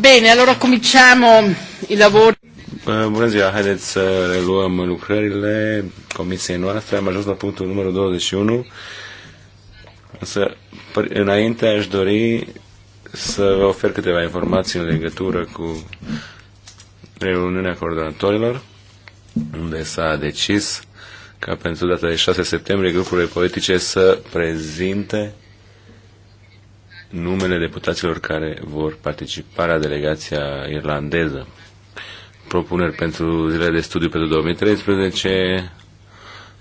Bine, allora cominciamo i lavori. Bună ziua, haideți să reluăm lucrările comisiei noastre. Am ajuns la punctul numărul 21. Însă, înainte aș dori să vă ofer câteva informații în legătură cu reuniunea coordonatorilor, unde s-a decis ca pentru data de 6 septembrie grupurile politice să prezinte numele deputaților care vor participa la delegația irlandeză. Propuneri pentru zilele de studiu pentru 2013,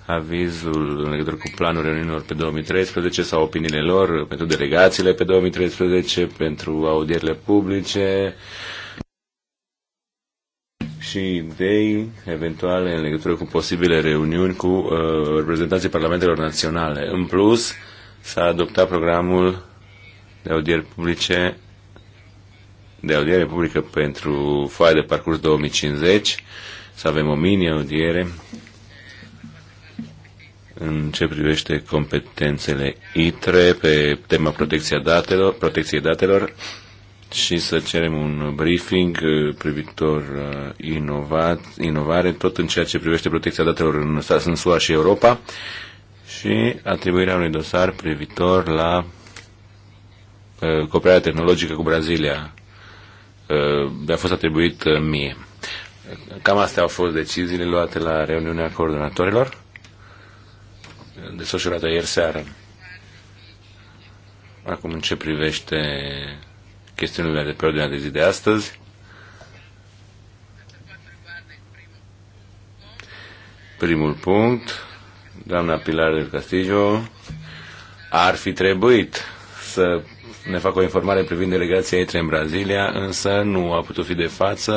avizul în legătură cu planul reuniunilor pe 2013 sau opiniile lor pentru delegațiile pe 2013, pentru audierile publice și idei eventuale în legătură cu posibile reuniuni cu uh, reprezentanții parlamentelor naționale. În plus, s-a adoptat programul de audieri publice de audiere publică pentru foaia de parcurs 2050, să avem o mini-audiere în ce privește competențele ITRE pe tema protecția datelor, protecției datelor și să cerem un briefing uh, privitor uh, inovat, inovare, tot în ceea ce privește protecția datelor în, în SUA și Europa și atribuirea unui dosar privitor la Uh, cooperarea tehnologică cu Brazilia mi-a uh, fost atribuit uh, mie. Cam astea au fost deciziile luate la reuniunea coordonatorilor desfășurată ieri seară. Acum în ce privește chestiunile de pe ordinea de zi de astăzi, primul punct, doamna Pilar del Castillo ar fi trebuit să ne fac o informare privind delegația ei în Brazilia, însă nu a putut fi de față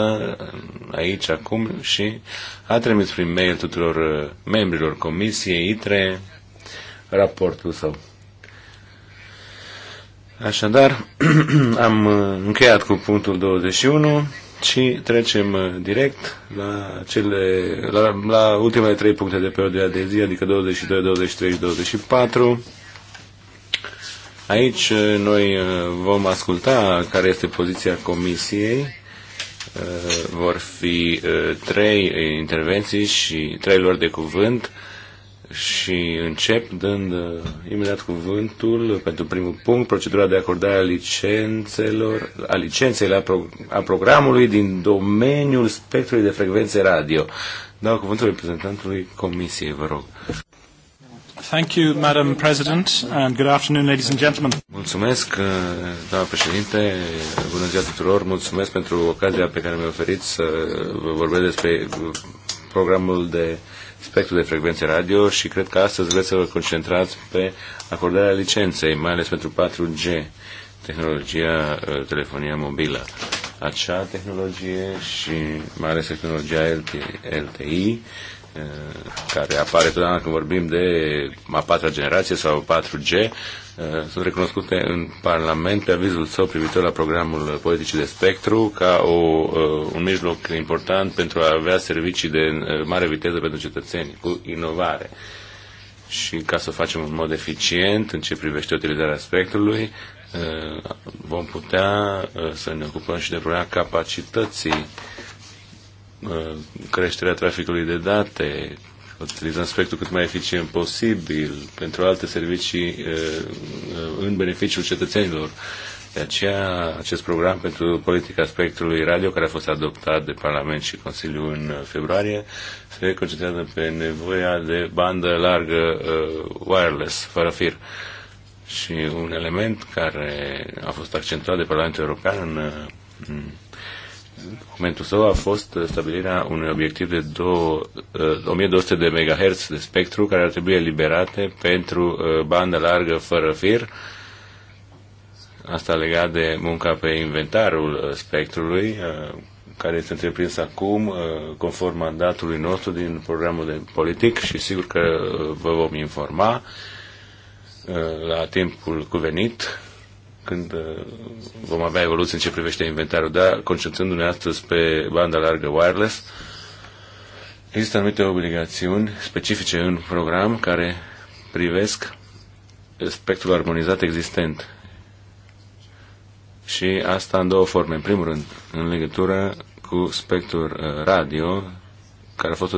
aici, acum și a trimis prin mail tuturor uh, membrilor Comisiei ITRE raportul său. Așadar, am uh, încheiat cu punctul 21 și trecem uh, direct la, cele, la, la ultimele trei puncte de pe ordinea de zi, adică 22, 23 și 24 Aici uh, noi uh, vom asculta care este poziția Comisiei. Uh, vor fi trei intervenții și trei lor de cuvânt și încep dând imediat cuvântul pentru primul punct, procedura de acordare a licențelor, a licenței la pro, a programului din domeniul spectrului de frecvențe radio. Dau cuvântul reprezentantului Comisiei, vă rog. Thank you, Madam President, and good afternoon, ladies and gentlemen. Mulțumesc, uh, doamnă președinte, bună ziua tuturor, mulțumesc pentru ocazia pe care mi-a oferit să vă vorbesc despre programul de spectru de frecvențe radio și cred că astăzi vreți să vă concentrați pe acordarea licenței, mai ales pentru 4G, tehnologia uh, telefonia mobilă. Acea tehnologie și mai ales tehnologia LTI care apare totdeauna când vorbim de a patra generație sau 4G, sunt recunoscute în Parlament pe avizul său privitor la programul politicii de spectru ca o, un mijloc important pentru a avea servicii de mare viteză pentru cetățeni, cu inovare. Și ca să o facem în mod eficient în ce privește utilizarea spectrului, vom putea să ne ocupăm și de problema capacității Uh, creșterea traficului de date, utilizăm spectrul cât mai eficient posibil pentru alte servicii uh, uh, în beneficiul cetățenilor. De aceea, acest program pentru politica spectrului radio, care a fost adoptat de Parlament și Consiliu în februarie, se concentrează pe nevoia de bandă largă wireless, fără fir. Și un element care a fost accentuat de Parlamentul European în documentul său a fost uh, stabilirea unui obiectiv de 1200 uh, de MHz de spectru care ar trebui eliberate pentru uh, bandă largă fără fir. Asta legat de munca pe inventarul spectrului, care este întreprins acum, conform mandatului nostru din programul de politic și sigur că vă vom informa la timpul cuvenit când uh, vom avea evoluții în ce privește inventarul, dar concentrându-ne astăzi pe banda largă wireless, există anumite obligațiuni specifice în program care privesc spectrul armonizat existent. Și asta în două forme. În primul rând, în legătură cu spectrul uh, radio, care a fost,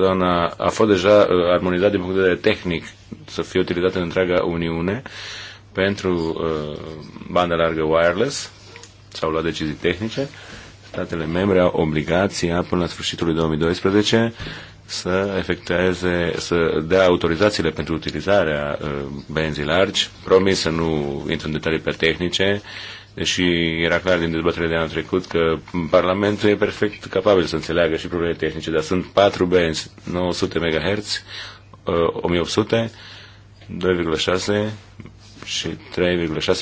a fost deja uh, armonizat din punct de vedere tehnic să fie utilizat în întreaga Uniune, pentru uh, bandă largă wireless, sau la decizii tehnice, statele membre au obligația până la sfârșitul lui 2012 să efectueze, să dea autorizațiile pentru utilizarea uh, benzii largi. Promis să nu intru în detalii pe tehnice, deși era clar din dezbaterea de anul trecut că Parlamentul e perfect capabil să înțeleagă și probleme tehnice, dar sunt patru benzi, 900 MHz, uh, 1800, 2,6 și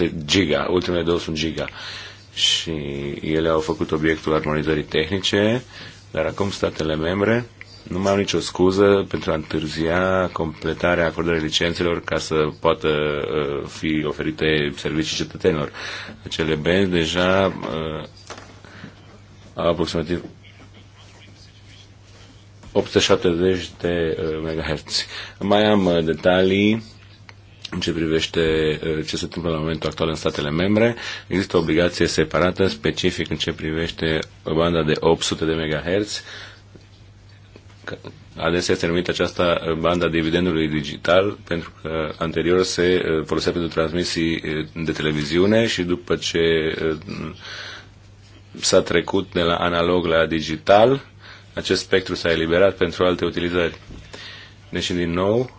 3,6 giga. Ultimele două sunt giga. Și ele au făcut obiectul armonizării tehnice, dar acum statele membre nu mai au nicio scuză pentru a întârzia completarea acordării licențelor ca să poată uh, fi oferite servicii cetățenilor. Acele benzi deja uh, au aproximativ 870 de uh, MHz. Mai am uh, detalii în ce privește uh, ce se întâmplă la momentul actual în statele membre. Există o obligație separată, specific în ce privește banda de 800 de MHz. Adesea este numită aceasta uh, banda dividendului digital, pentru că anterior se uh, folosea pentru transmisii de televiziune și după ce s-a trecut de la analog la digital, acest spectru s-a eliberat pentru alte utilizări. Deci, din nou,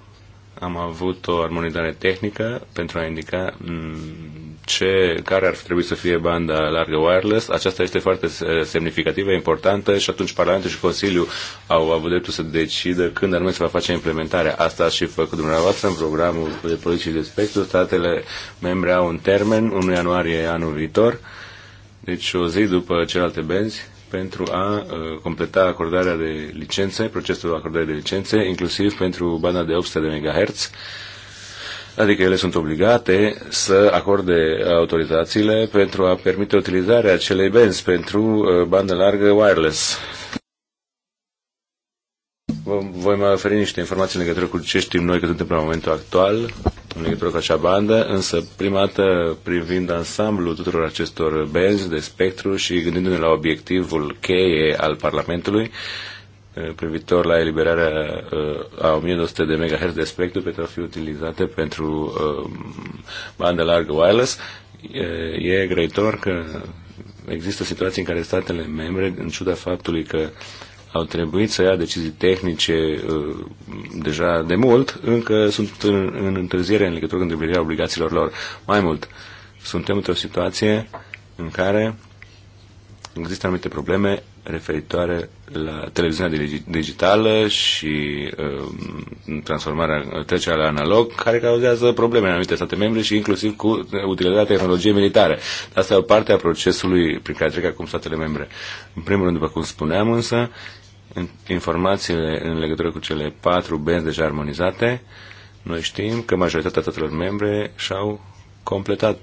am avut o armonizare tehnică pentru a indica mm, ce, care ar trebui să fie banda largă wireless. Aceasta este foarte eh, semnificativă, importantă și atunci Parlamentul și Consiliul au avut dreptul să decidă când anume se va face implementarea. Asta și făcut dumneavoastră în programul de politici de spectru. Statele membre au un termen, 1 ianuarie anul viitor, deci o zi după celelalte benzi pentru a uh, completa acordarea de licențe, procesul acordării de licențe, inclusiv pentru banda de 800 de MHz. Adică ele sunt obligate să acorde autorizațiile pentru a permite utilizarea acelei benzi pentru uh, bandă largă wireless. Vă voi mai oferi niște informații în legătură cu ce știm noi că se întâmplă în momentul actual, în legătură cu acea bandă, însă prima dată privind ansamblul tuturor acestor benzi de spectru și gândindu-ne la obiectivul cheie al Parlamentului, eh, privitor la eliberarea eh, a 1200 de MHz de spectru pentru a fi utilizate pentru eh, bandă largă wireless, e grăitor că există situații în care statele membre, în ciuda faptului că uh, au trebuit să ia decizii tehnice uh, deja de mult, încă sunt în, în întârziere în legătură cu îndeplinirea obligațiilor lor. Mai mult, suntem într-o situație în care există anumite probleme referitoare la televiziunea digitală și uh, transformarea, trecerea la analog, care cauzează probleme în anumite state membre și inclusiv cu utilizarea tehnologiei militare. Asta e o parte a procesului prin care trec acum statele membre. În primul rând, după cum spuneam însă, informațiile în legătură cu cele patru benzi deja armonizate, noi știm că majoritatea statelor membre și-au completat,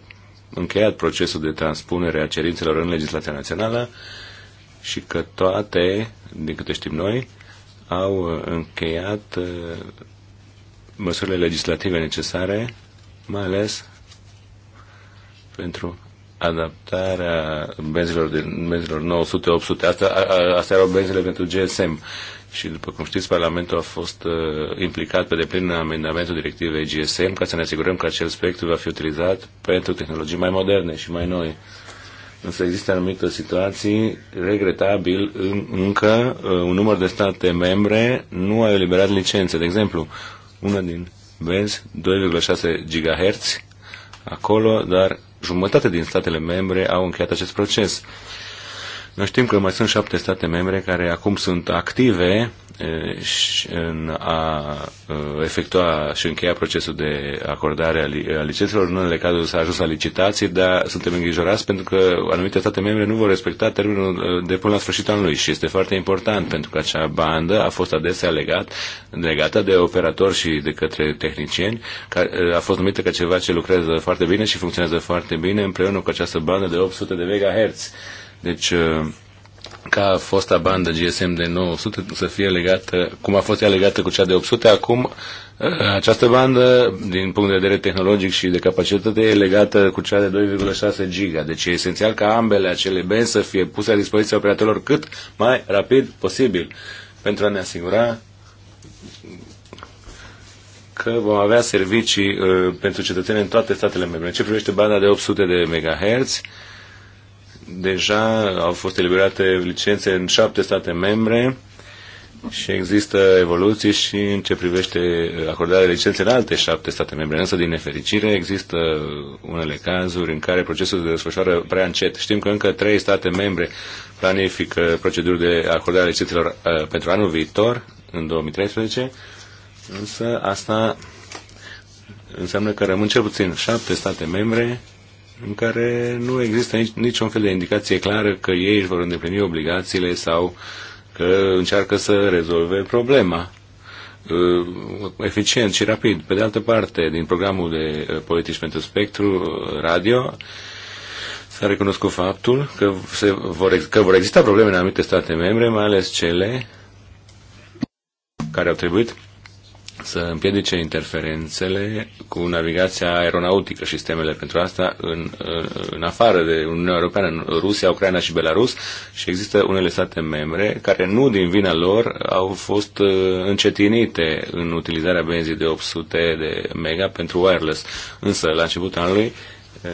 încheiat procesul de transpunere a cerințelor în legislația națională și că toate, din câte știm noi, au încheiat uh, măsurile legislative necesare, mai ales pentru adaptarea benzilor, de, benzilor 900-800. Asta, a, astea erau benzile pentru GSM. Și după cum știți, Parlamentul a fost uh, implicat pe deplin în amendamentul directivei GSM ca să ne asigurăm că acel spectru va fi utilizat pentru tehnologii mai moderne și mai noi. Însă există anumite situații, regretabil, în, încă uh, un număr de state membre nu a eliberat licențe. De exemplu, una din benzi, 2,6 GHz, acolo, dar jumătate din statele membre au încheiat acest proces. Noi știm că mai sunt șapte state membre care acum sunt active în a efectua și încheia procesul de acordare a licențelor. În unele cazuri s-a ajuns la licitații, dar suntem îngrijorați pentru că anumite state membre nu vor respecta termenul de până la sfârșitul anului și este foarte important pentru că acea bandă a fost adesea legat, legată de operatori și de către tehnicieni, care a fost numită ca ceva ce lucrează foarte bine și funcționează foarte bine împreună cu această bandă de 800 de MHz. Deci, uh, ca fosta bandă GSM de 900 să fie legată, cum a fost ea legată cu cea de 800, acum uh, această bandă, din punct de vedere tehnologic și de capacitate, e legată cu cea de 2,6 giga. Deci e esențial ca ambele acele benzi să fie puse la dispoziția operatorilor cât mai rapid posibil pentru a ne asigura că vom avea servicii uh, pentru cetățeni în toate statele membre. În ce privește banda de 800 de MHz, uh, Deja au fost eliberate licențe în șapte state membre și există evoluții și în ce privește acordarea licenței în alte șapte state membre. Însă, din nefericire, există unele cazuri în care procesul se desfășoară prea încet. Știm că încă trei state membre planifică proceduri de acordare a licențelor uh, pentru anul viitor, în 2013, însă asta înseamnă că rămân cel puțin șapte state membre în care nu există nici, niciun fel de indicație clară că ei își vor îndeplini obligațiile sau că încearcă să rezolve problema uh, eficient și rapid. Pe de altă parte, din programul de uh, politici pentru spectru uh, radio, S-a recunoscut faptul că, se vor, că vor exista probleme în anumite state membre, mai ales cele care au trebuit să împiedice interferențele cu navigația aeronautică și sistemele pentru asta în, în afară de Uniunea Europeană, în Rusia, Ucraina și Belarus și există unele state membre care nu din vina lor au fost uh, încetinite în utilizarea benzii de 800 de mega pentru wireless. Însă, la începutul anului,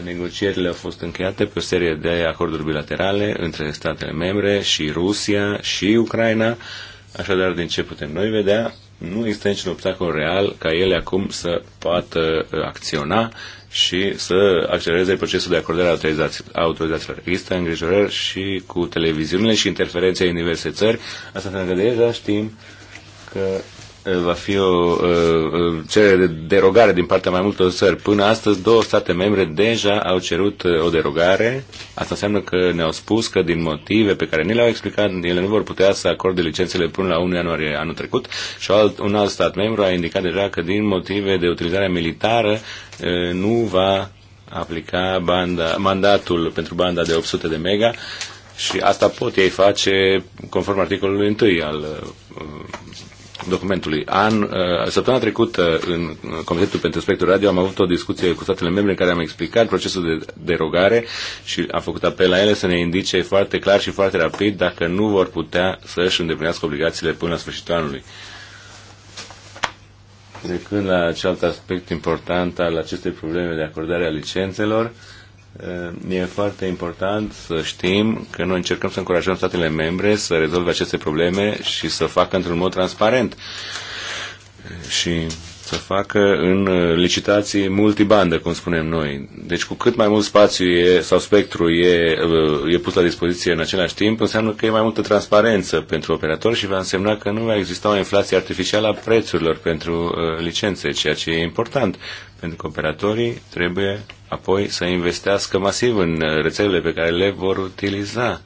negocierile au fost încheiate pe o serie de acorduri bilaterale între statele membre și Rusia și Ucraina. Așadar, din ce putem noi vedea, nu există niciun obstacol real ca ele acum să poată uh, acționa și să accelereze procesul de acordare a autorizațiilor. Există îngrijorări și cu televiziunile și interferențe în diverse țări, asta pentru că deja știm că Eh, va fi eh, o cerere de derogare din partea mai multor țări. Până astăzi, două state membre deja au cerut eh, o derogare. Asta înseamnă că ne-au spus că din motive pe care ni le-au explicat, ele nu vor putea să acorde licențele până la 1 ianuarie anul trecut și alt, un alt stat membru a indicat deja că din motive de utilizare militară nu va aplica banda, mandatul pentru banda de 800 de mega și asta pot ei face conform articolului 1 al documentului. An, uh, săptămâna trecută, în Comitetul pentru Spectrul Radio, am avut o discuție cu statele membre în care am explicat procesul de derogare și am făcut apel la ele să ne indice foarte clar și foarte rapid dacă nu vor putea să își îndeplinească obligațiile până la sfârșitul anului. Trecând la alt aspect important al acestei probleme de acordare a licențelor, uh, E foarte important să știm că noi încercăm să încurajăm statele membre să rezolve aceste probleme și să facă într-un mod transparent. Și să facă în uh, licitații multibandă, cum spunem noi. Deci cu cât mai mult spațiu e, sau spectru e, uh, e pus la dispoziție în același timp, înseamnă că e mai multă transparență pentru operatori și va însemna că nu va exista o inflație artificială a prețurilor pentru uh, licențe, ceea ce e important, pentru că operatorii trebuie apoi să investească masiv în rețelele pe care le vor utiliza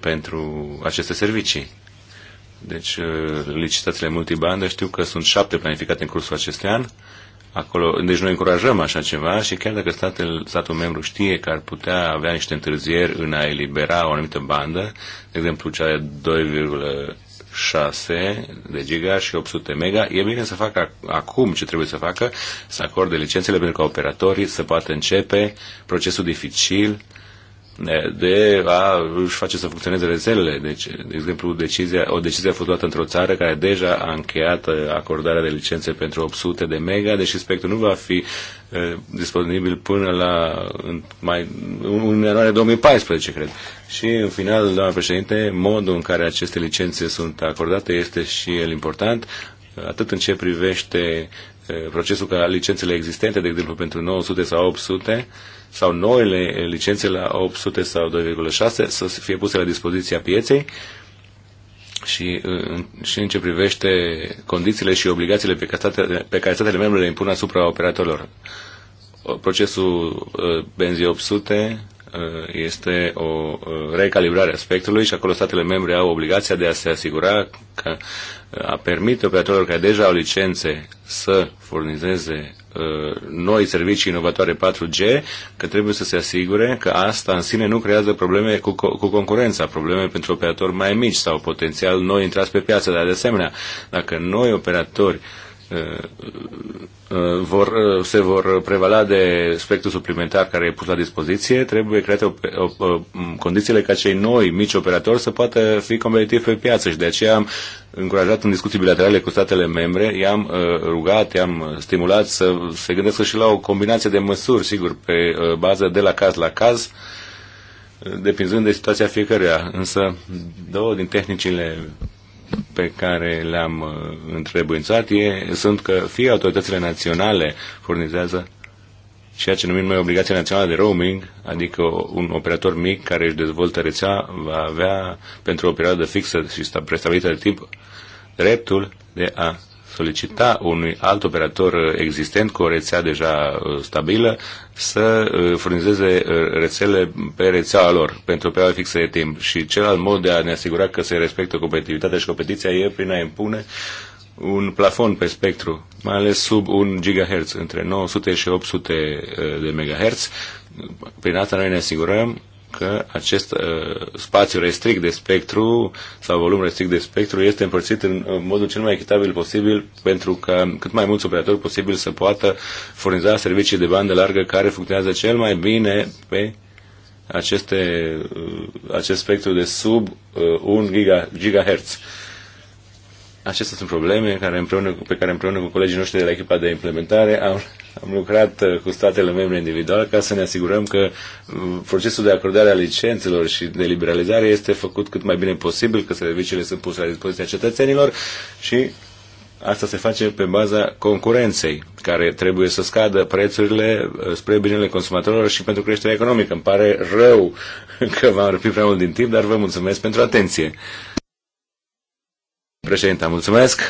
pentru aceste servicii. Deci, uh, licitațiile multibandă știu că sunt șapte planificate în cursul acestui an. Acolo, deci noi încurajăm așa ceva și chiar dacă statul, statul membru știe că ar putea avea niște întârzieri în a elibera o anumită bandă, de exemplu cea de 2,6 de giga și 800 mega, e bine să facă acum ce trebuie să facă, să acorde licențele pentru ca operatorii să poată începe procesul dificil de a își face să funcționeze rețelele. Deci, de exemplu, decizia, o decizie a fost luată într-o țară care deja a încheiat uh, acordarea de licențe pentru 800 de mega, deși spectrul nu va fi uh, disponibil până la în, mai, în ianuarie 2014, cred. Și, în final, doamna președinte, modul în care aceste licențe sunt acordate este și el important atât în ce privește procesul ca licențele existente, de exemplu pentru 900 sau 800, sau noile licențe la 800 sau 2,6 să fie puse la dispoziția pieței și, și în ce privește condițiile și obligațiile pe care statele, pe care statele membre le impun asupra operatorilor. Procesul ă, Benzi 800 ă, este o ă, recalibrare a spectrului și acolo statele membre au obligația de a se asigura că a permite operatorilor care deja au licențe să furnizeze uh, noi servicii inovatoare 4G, că trebuie să se asigure că asta în sine nu creează probleme cu, cu concurența, probleme pentru operatori mai mici sau potențial noi intrați pe piață, dar de asemenea, dacă noi operatori uh, Uh, vor, uh, se vor prevala de spectru suplimentar care e pus la dispoziție, trebuie create o, o, o, condițiile ca cei noi mici operatori să poată fi competitivi pe piață și de aceea am încurajat în discuții bilaterale cu statele membre, i-am uh, rugat, i-am stimulat să se gândească și la o combinație de măsuri, sigur, pe uh, bază de la caz la caz, depinzând de situația fiecăruia. Însă două din tehnicile pe care le-am uh, întrebuințat e, sunt că fie autoritățile naționale furnizează ceea ce numim noi obligația națională de roaming, adică un operator mic care își dezvoltă rețea va avea pentru o perioadă fixă și prestabilită de timp dreptul de a solicita unui alt operator existent cu o rețea deja uh, stabilă să uh, furnizeze uh, rețele pe rețeaua lor pentru o perioadă fixă de timp. Și celălalt mod de a ne asigura că se respectă competitivitatea și competiția e prin a impune un plafon pe spectru, mai ales sub 1 GHz, între 900 și 800 de MHz. Prin asta noi ne asigurăm că acest uh, spațiu restrict de spectru sau volum restrict de spectru este împărțit în modul cel mai echitabil posibil pentru că cât mai mulți operatori posibil să poată furniza servicii de bandă largă care funcționează cel mai bine pe aceste, uh, acest spectru de sub uh, 1 giga, gigahertz. Uh, Acestea sunt probleme care împreună, pe care împreună cu colegii noștri de la echipa de implementare am, am lucrat uh, cu statele membre individual ca să ne asigurăm că uh, procesul de acordare a licențelor și de liberalizare este făcut cât mai bine posibil, că serviciile sunt puse la dispoziția cetățenilor și Asta se face pe baza concurenței, care trebuie să scadă prețurile uh, spre binele consumatorilor și pentru creșterea economică. Îmi pare rău că v-am răpit prea mult din timp, dar vă mulțumesc pentru atenție. Președinta, mulțumesc.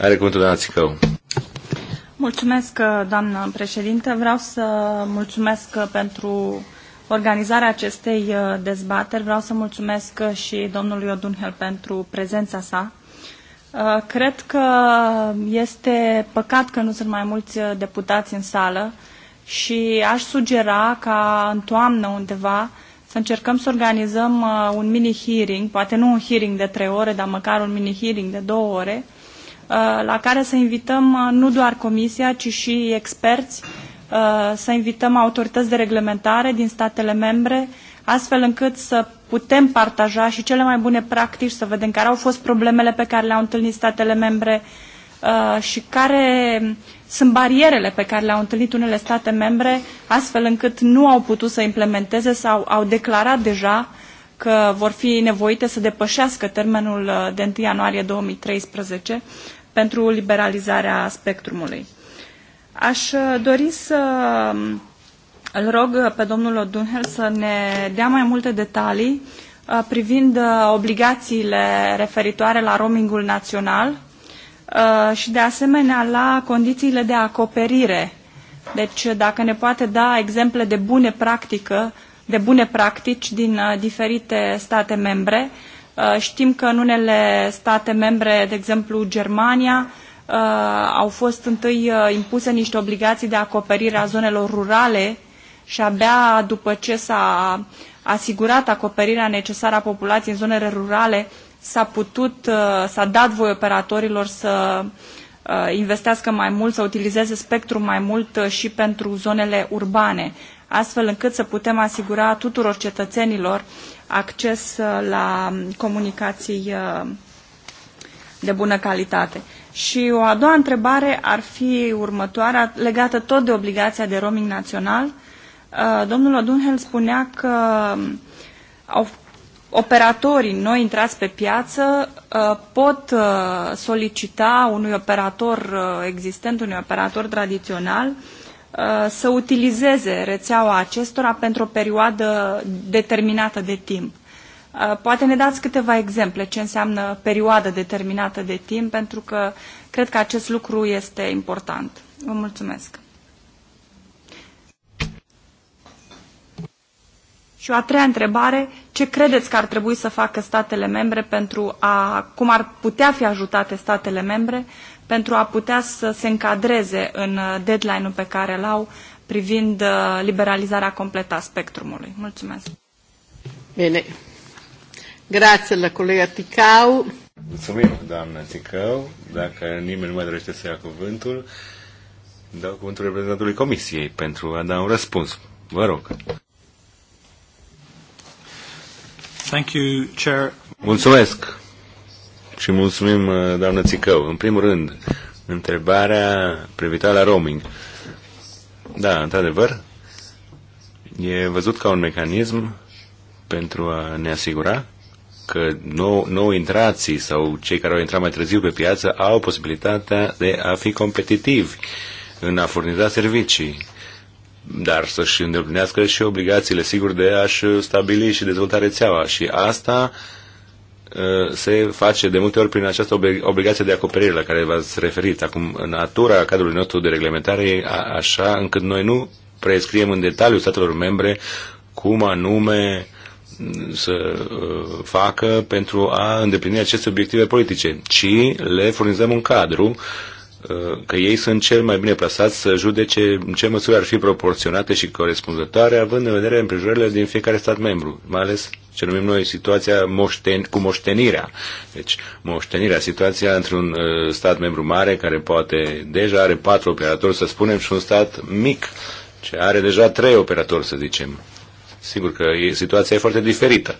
Are cuvântul doamna Țicău. Mulțumesc, uh, doamnă președinte. Vreau să mulțumesc uh, pentru organizarea acestei uh, dezbateri. Vreau să mulțumesc și domnului Odunhel pentru prezența sa. Cred că este păcat că nu sunt mai mulți deputați în sală și aș sugera ca în toamnă undeva să încercăm să organizăm uh, un mini-hearing, poate nu un hearing de trei ore, dar măcar un mini-hearing de două ore, uh, la care să invităm uh, nu doar comisia, ci și experți, uh, să invităm autorități de reglementare din statele membre, astfel încât să putem partaja și cele mai bune practici, să vedem care au fost problemele pe care le-au întâlnit statele membre, uh, Uh, și care sunt barierele pe care le-au întâlnit unele state membre, astfel încât nu au putut să implementeze sau au declarat deja că vor fi nevoite să depășească termenul uh, de 1 ianuarie 2013 pentru liberalizarea spectrumului. Aș uh, dori să um, îl rog pe domnul O'Dunhel să ne dea mai multe detalii privind obligațiile referitoare la roamingul național Uh, și de asemenea la condițiile de acoperire. Deci dacă ne poate da exemple de bune practică, de bune practici din uh, diferite state membre. Uh, știm că în unele state membre, de exemplu Germania, au fost întâi impuse niște obligații de acoperire a zonelor rurale și abia după ce s-a asigurat acoperirea necesară a populației în zonele rurale, s-a putut, uh, s-a dat voi operatorilor să uh, investească mai mult, să utilizeze spectrul mai mult uh, și pentru zonele urbane, astfel încât să putem asigura tuturor cetățenilor acces la comunicații de bună calitate. Și o a doua întrebare ar fi următoarea, legată tot de obligația de roaming național. Domnul Odunhel spunea că um, au operatorii noi intrați pe piață uh, pot uh, solicita unui operator uh, existent, unui operator tradițional, să utilizeze rețeaua acestora pentru o perioadă determinată de timp. Poate ne dați câteva exemple ce înseamnă perioadă determinată de timp, pentru că cred că acest lucru este important. Vă mulțumesc. Și o a treia întrebare, ce credeți că ar trebui să facă statele membre pentru a, cum ar putea fi ajutate statele membre pentru a putea să se încadreze în uh, deadline-ul pe care îl au privind uh, liberalizarea completă a spectrumului. Mulțumesc. Bine. Grație la colega Ticau. Mulțumim, doamna Ticău. Dacă nimeni nu mai dorește să ia cuvântul, dau cuvântul reprezentantului Comisiei pentru a da un răspuns. Vă rog. Thank you, Chair. Mulțumesc și mulțumim, uh, doamnă Țicău. În primul rând, întrebarea privitoare la roaming. Da, într-adevăr, e văzut ca un mecanism pentru a ne asigura că nou, nou intrații sau cei care au intrat mai târziu pe piață au posibilitatea de a fi competitivi în a furniza servicii dar să-și îndeplinească și obligațiile, sigur, de a-și stabili și dezvolta rețeaua. Și asta uh, se face de multe ori prin această obligație de acoperire la care v-ați referit. Acum, natura cadrului nostru de reglementare e așa încât noi nu prescriem în detaliu statelor membre cum anume mm, să uh, facă pentru a îndeplini aceste obiective politice, ci le furnizăm un cadru uh, Uh, că ei sunt cel mai bine plasați să judece în ce măsură ar fi proporționate și corespunzătoare, având în vedere împrejurările din fiecare stat membru, mai ales ce numim noi situația moșten- cu moștenirea. Deci, moștenirea, situația într-un uh, stat membru mare care poate deja are patru operatori, să spunem, și un stat mic ce are deja trei operatori, să zicem. Sigur că e, situația e foarte diferită.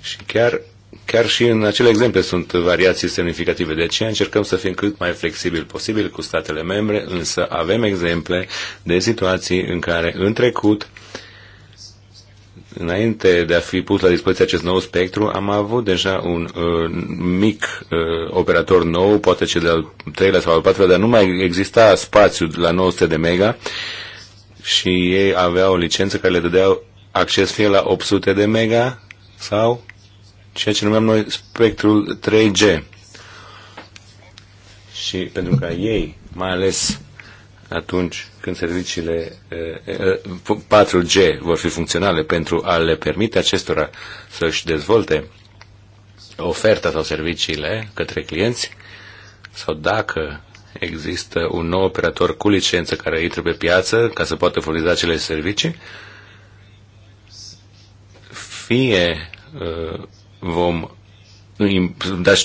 Și chiar chiar și în acele exemple sunt variații semnificative. De aceea încercăm să fim cât mai flexibil posibil cu statele membre, însă avem exemple de situații în care în trecut Înainte de a fi pus la dispoziție acest nou spectru, am avut deja un uh, mic uh, operator nou, poate cel de-al treilea sau al patrulea, dar nu mai exista spațiu la 900 de mega și ei aveau o licență care le dădeau acces fie la 800 de mega sau ceea ce numeam noi spectrul 3G. Și pentru ca ei, mai ales atunci când serviciile 4G vor fi funcționale pentru a le permite acestora să-și dezvolte oferta sau serviciile către clienți, sau dacă există un nou operator cu licență care intră pe piață ca să poată furniza acele servicii, fie vom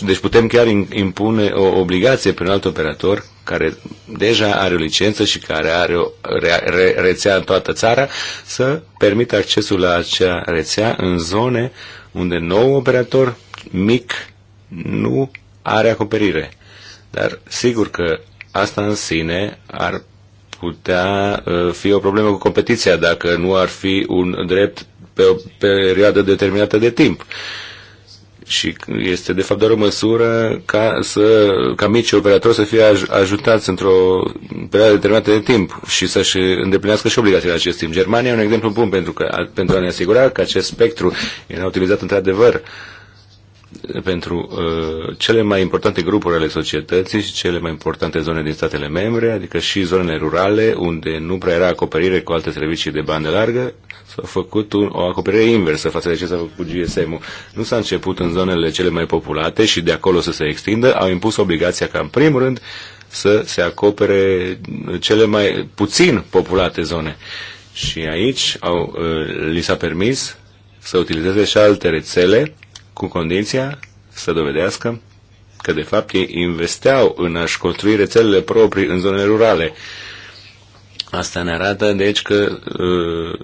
deci putem chiar impune o obligație pe un alt operator care deja are o licență și care are o re- re- rețea în toată țara să permită accesul la acea rețea în zone unde nou operator mic nu are acoperire. Dar sigur că asta în sine ar putea uh, fi o problemă cu competiția dacă nu ar fi un drept pe o perioadă determinată de timp. Uh, și este de fapt doar o măsură ca, să, ca mici operatori să fie aj ajutați într-o perioadă determinată de timp și să-și îndeplinească și obligațiile în acest timp. Germania e un exemplu bun pentru, că, pentru a ne asigura că acest spectru era utilizat într-adevăr uh, pentru uh, cele mai importante grupuri ale societății și cele mai importante zone din statele membre, adică și zonele rurale, unde nu prea era acoperire cu alte servicii de bandă largă, s-a făcut un, o acoperire inversă față de ce s-a făcut GSM-ul. Nu s-a început în zonele cele mai populate și de acolo să se extindă, au impus obligația ca în primul rând să se acopere cele mai puțin populate zone. Și aici au, uh, li s-a permis să utilizeze și alte rețele cu condiția să dovedească că de fapt ei investeau în a-și construi rețelele proprii în zonele rurale. Asta ne arată, deci, că uh,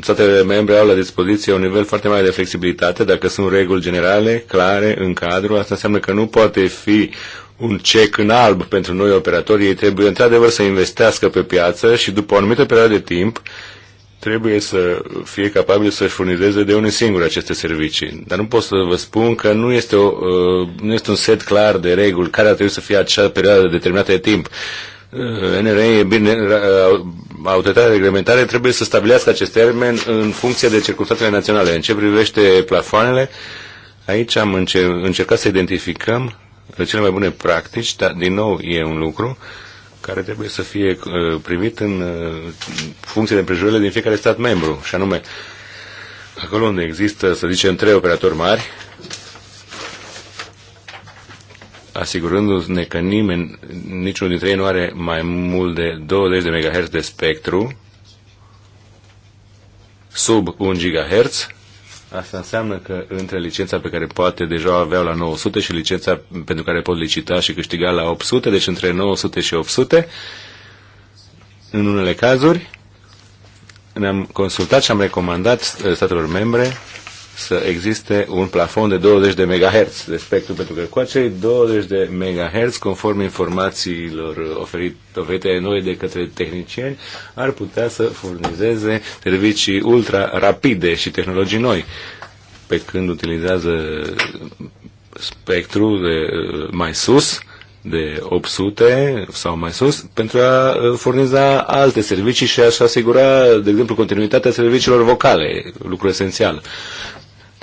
statele membre au la dispoziție un nivel foarte mare de flexibilitate. Dacă sunt reguli generale, clare, în cadru, asta înseamnă că nu poate fi un cec în alb pentru noi operatorii. Ei trebuie, într-adevăr, să investească pe piață și după o anumită perioadă de timp, trebuie să fie capabil să-și furnizeze de unii singuri aceste servicii. Dar nu pot să vă spun că nu este, o, uh, nu este un set clar de reguli care ar trebui să fie acea perioadă determinată de timp. Uh, NRE, bine, uh, autoritatea reglementare trebuie să stabilească acest termen în funcție de circunstanțele naționale. În ce privește plafoanele, aici am încercat să identificăm cele mai bune practici, dar din nou e un lucru uh, care trebuie să fie uh, primit în uh, funcție de împrejurările din fiecare stat membru, și anume acolo unde există, să zicem, trei operatori mari, asigurându-ne că nimeni, niciunul dintre ei nu are mai mult de 20 de MHz de spectru, sub 1 GHz, Asta înseamnă că între licența pe care poate deja avea la 900 și licența pentru care pot licita și câștiga la 800, deci între 900 și 800, în unele cazuri ne-am consultat și am recomandat eh, statelor membre să existe un plafon de 20 de MHz de spectru, pentru că cu acei 20 de MHz, conform informațiilor oferit, oferite noi de către tehnicieni, ar putea să furnizeze servicii ultra rapide și tehnologii noi, pe când utilizează spectru de, mai sus, de 800 sau mai sus pentru a uh, furniza alte servicii și a asigura, de exemplu, continuitatea serviciilor vocale, lucru esențial.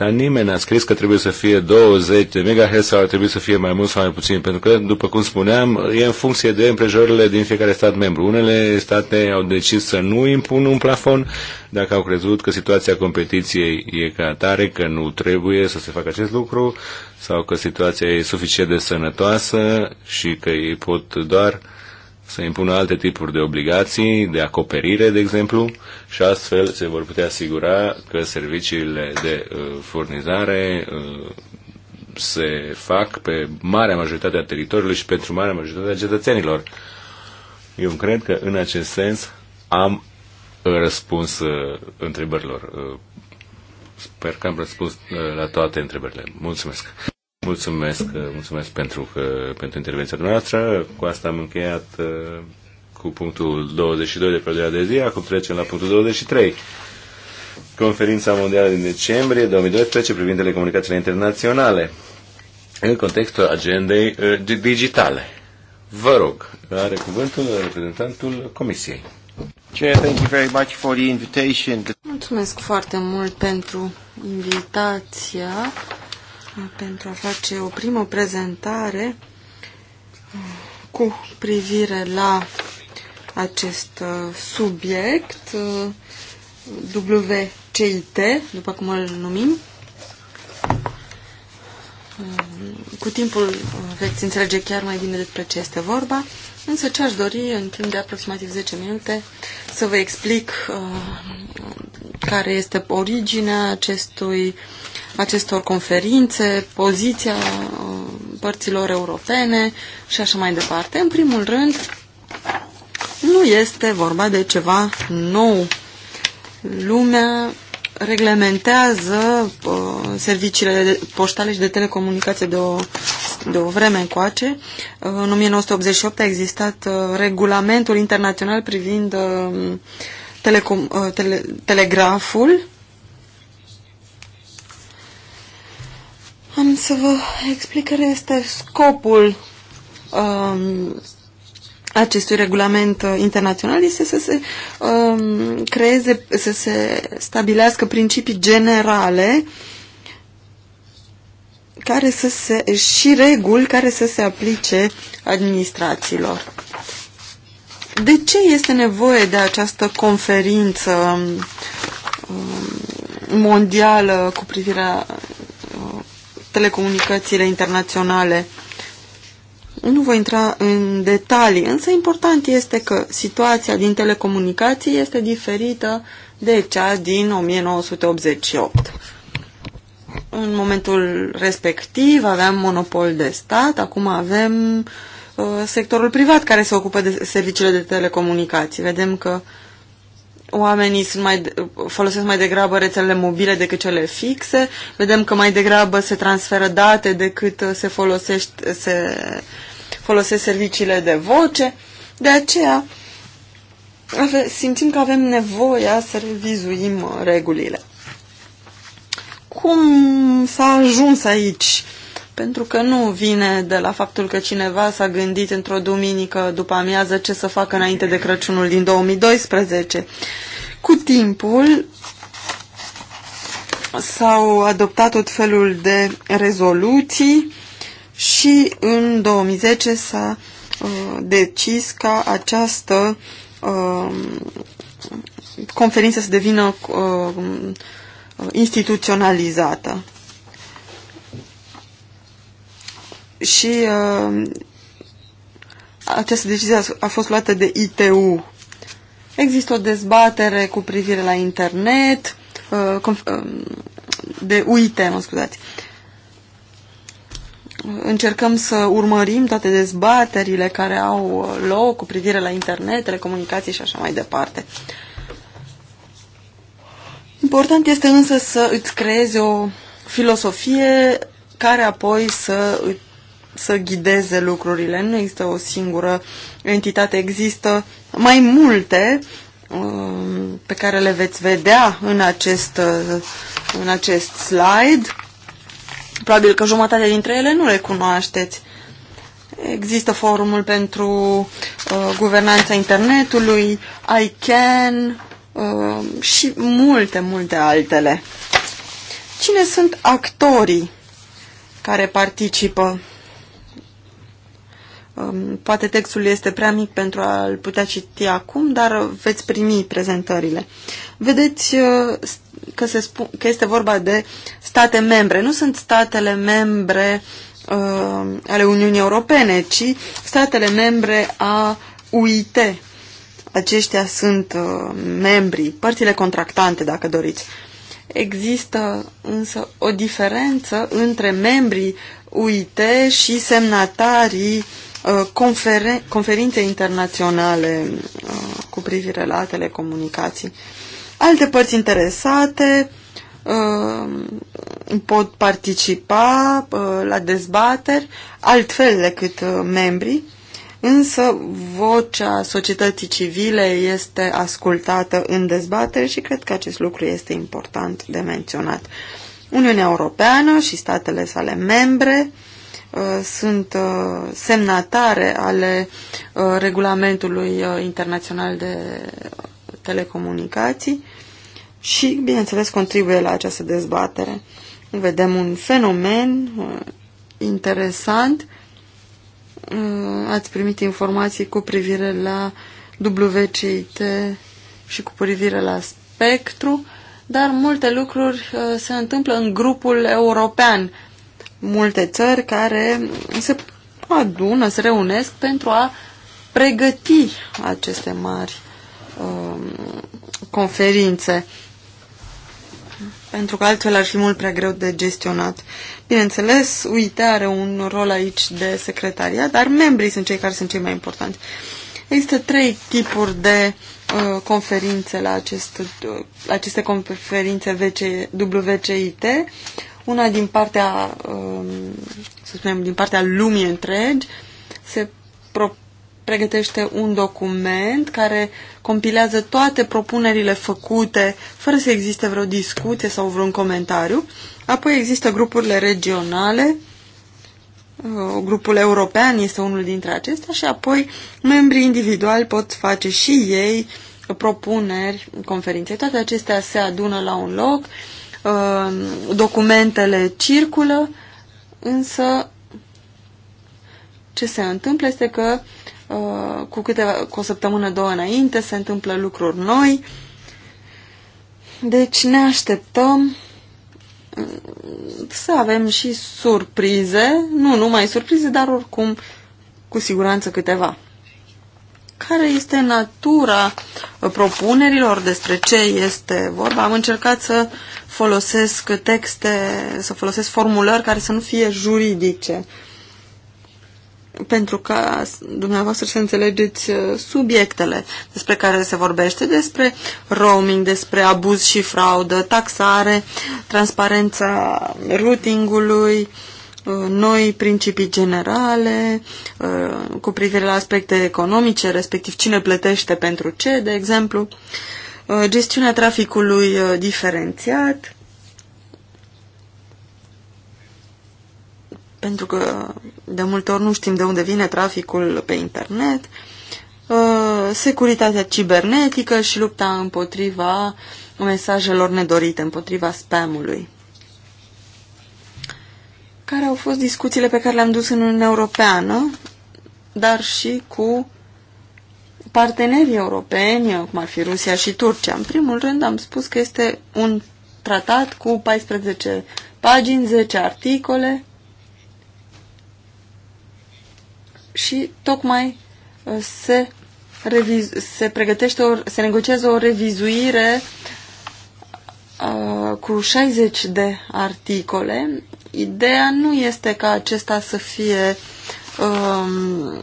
Dar nimeni n-a scris că trebuie să fie 20 de MHz sau trebuie să fie mai mult sau mai puțin, pentru că, după cum spuneam, e în funcție de împrejurările din fiecare stat membru. Unele state au decis să nu impună un plafon dacă au crezut că situația competiției e ca atare, că nu trebuie să se facă acest lucru sau că situația e suficient de sănătoasă și că ei pot doar uh, să impună alte tipuri de obligații, de acoperire, de exemplu, și astfel se vor putea asigura că serviciile de uh, furnizare uh, se fac pe marea majoritate a teritoriului și pentru marea majoritate a cetățenilor. Eu cred că în acest sens am răspuns uh, întrebărilor. Uh, sper că am răspuns uh, la toate întrebările. Mulțumesc! Mulțumesc, mulțumesc pentru, că, pentru intervenția dumneavoastră. Cu asta am încheiat uh, cu punctul 22 de pe de zi. Acum trecem la punctul 23. Conferința mondială din decembrie 2012 privind telecomunicațiile internaționale în contextul agendei uh, digitale. Vă rog, are cuvântul reprezentantul Comisiei. Chair, thank you very much for the invitation. Mulțumesc foarte mult pentru invitația pentru a face o primă prezentare uh, cu privire la acest uh, subiect uh, WCIT, după cum îl numim. Cu timpul veți înțelege chiar mai bine despre ce este vorba, însă ce aș dori în timp de aproximativ 10 minute să vă explic care este originea acestui acestor conferințe, poziția uh, părților europene și așa mai departe. În primul rând, nu este vorba de ceva nou. Lumea reglementează uh, serviciile poștale și de telecomunicație de o, de o vreme încoace. Uh, în 1988 a existat uh, regulamentul internațional privind uh, telecom, uh, tele, telegraful Am să vă explic care este scopul um, acestui regulament uh, internațional este să se um, creeze, să se stabilească principii generale care să se, și reguli care să se aplice administrațiilor. De ce este nevoie de această conferință um, mondială cu privire la telecomunicațiile internaționale. Nu voi intra în detalii, însă important este că situația din telecomunicații este diferită de cea din 1988. În momentul respectiv aveam monopol de stat, acum avem uh, sectorul privat care se ocupă de serviciile de telecomunicații. Vedem că uh, oamenii sunt mai, folosesc mai degrabă rețelele mobile decât cele fixe, vedem că mai degrabă se transferă date decât uh, se, folosește, uh, se folosesc serviciile de voce. De aceea ave, simțim că avem nevoia să revizuim uh, regulile. Cum s-a ajuns aici? pentru că nu vine de la faptul că cineva s-a gândit într-o duminică după amiază ce să facă înainte de Crăciunul din 2012. Cu timpul s-au adoptat tot felul de rezoluții și în 2010 s-a uh, decis ca această uh, conferință să devină uh, instituționalizată. și uh, această decizie a fost luată de ITU. Există o dezbatere cu privire la internet, uh, uh de UIT, mă scuzați. Încercăm să urmărim toate dezbaterile care au uh, loc cu privire la internet, telecomunicații și așa mai departe. Important este însă să îți creezi o filosofie care apoi să să ghideze lucrurile. Nu există o singură entitate, există mai multe um, pe care le veți vedea în acest, uh, în acest slide. Probabil că jumătate dintre ele nu le cunoașteți. Există forumul pentru uh, guvernanța internetului, ICANN uh, și multe, multe altele. Cine sunt actorii care participă? Um, poate textul este prea mic pentru a-l putea citi acum, dar veți primi prezentările. Vedeți uh, că, se spun, că este vorba de state membre. Nu sunt statele membre uh, ale Uniunii Europene, ci statele membre a UIT. Aceștia sunt uh, membrii, părțile contractante, dacă doriți. Există însă o diferență între membrii UIT și semnatarii uh, Uh, conferințe internaționale uh, cu privire la telecomunicații. Alte părți interesate uh, pot participa la dezbateri altfel decât membrii, însă vocea societății civile este ascultată în dezbateri și cred că acest lucru este important de menționat. Uniunea Europeană și statele sale membre uh, Uh, sunt uh, semnatare ale uh, regulamentului internațional de telecomunicații și, bineînțeles, contribuie la această dezbatere. Vedem un fenomen interesant. Ați primit informații cu privire la WCIT și cu privire la spectru, dar multe lucruri se întâmplă în grupul european multe țări care se adună, se reunesc pentru a pregăti aceste mari um, conferințe pentru că altfel ar fi mult prea greu de gestionat. Bineînțeles, UIT are un rol aici de secretariat, dar membrii sunt cei care sunt cei mai importanti. Există trei tipuri de uh, conferințe la acest, uh, aceste conferințe WC, WCIT. Una din partea, um, să spunem, din partea lumii întregi se pregătește un document care compilează toate propunerile făcute fără să existe vreo discuție sau vreun comentariu. Apoi există grupurile regionale, uh, grupul european este unul dintre acestea și apoi membrii individuali pot face și ei propuneri conferințe. Toate acestea se adună la un loc Uh, documentele circulă, însă ce se întâmplă este că uh, cu, câteva, cu o săptămână, două înainte se întâmplă lucruri noi. Deci ne așteptăm uh, să avem și surprize, nu numai surprize, dar oricum cu siguranță câteva. Care este natura propunerilor, despre ce este vorba? Am încercat să folosesc texte, să folosesc formulări care să nu fie juridice. Pentru ca dumneavoastră să înțelegeți uh, subiectele despre care se vorbește, despre roaming, despre abuz și fraudă, taxare, transparența routingului, uh, noi principii generale uh, cu privire la aspecte economice, respectiv cine plătește pentru ce, de exemplu. Uh, gestiunea traficului uh, diferențiat, pentru că de multe ori nu știm de unde vine traficul pe internet, uh, securitatea cibernetică și lupta împotriva mesajelor nedorite, împotriva spamului. Care au fost discuțiile pe care le-am dus în Uniunea Europeană, dar și cu partenerii europeni, cum ar fi Rusia și Turcia. În primul rând am spus că este un tratat cu 14 pagini, 10 articole și tocmai uh, se, se pregătește, o, se negociază o revizuire uh, cu 60 de articole. Ideea nu este ca acesta să fie uh,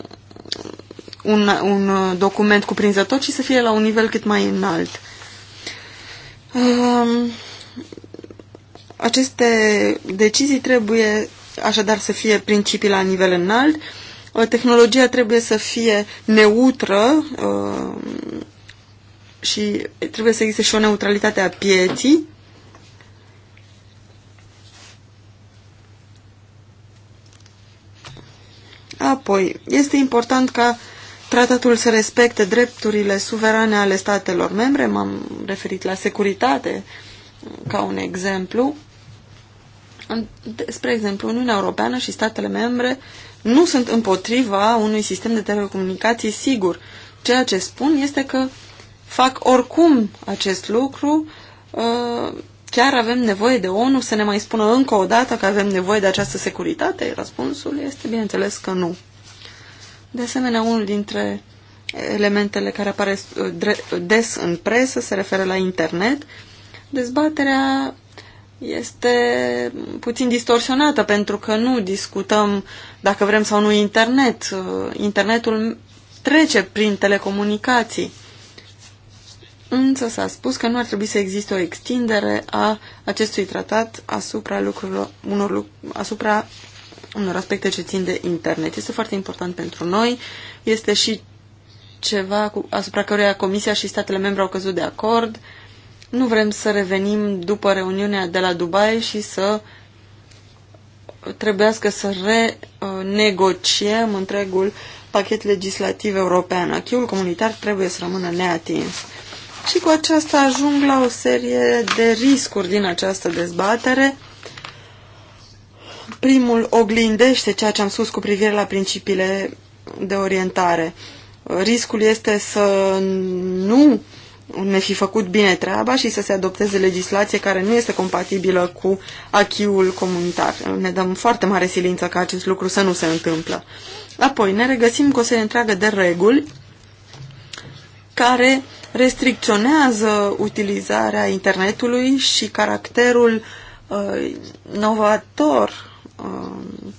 un, un uh, document cuprinzător, ci să fie la un nivel cât mai înalt. Um, aceste decizii trebuie așadar să fie principii la nivel înalt. Uh, tehnologia trebuie să fie neutră um, și trebuie să existe și o neutralitate a pieții. Apoi, este important ca tratatul să respecte drepturile suverane ale statelor membre, m-am referit la securitate ca un exemplu. Spre exemplu, Uniunea Europeană și statele membre nu sunt împotriva unui sistem de telecomunicații sigur. Ceea ce spun este că fac oricum acest lucru, uh, chiar avem nevoie de ONU să ne mai spună încă o dată că avem nevoie de această securitate? Răspunsul este bineînțeles că nu. De asemenea, unul dintre elementele care apare uh, des în presă se referă la internet. Dezbaterea este puțin distorsionată pentru că nu discutăm dacă vrem sau nu internet. Uh, internetul trece prin telecomunicații. Însă s-a spus că nu ar trebui să existe o extindere a acestui tratat asupra, lucrurilor, unor, asupra unor aspecte ce țin de internet. Este foarte important pentru noi, este și ceva cu, asupra căruia Comisia și statele membre au căzut de acord. Nu vrem să revenim după reuniunea de la Dubai și să trebuiască să renegociem întregul pachet legislativ european. Achiul comunitar trebuie să rămână neatins. Și cu aceasta ajung la o serie de riscuri din această dezbatere Primul oglindește ceea ce am spus cu privire la principiile de orientare. Riscul este să nu ne fi făcut bine treaba și să se adopteze legislație care nu este compatibilă cu achiul comunitar. Ne dăm foarte mare silință ca acest lucru să nu se întâmplă. Apoi ne regăsim cu o serie întreagă de reguli care restricționează utilizarea internetului și caracterul uh, novator Um,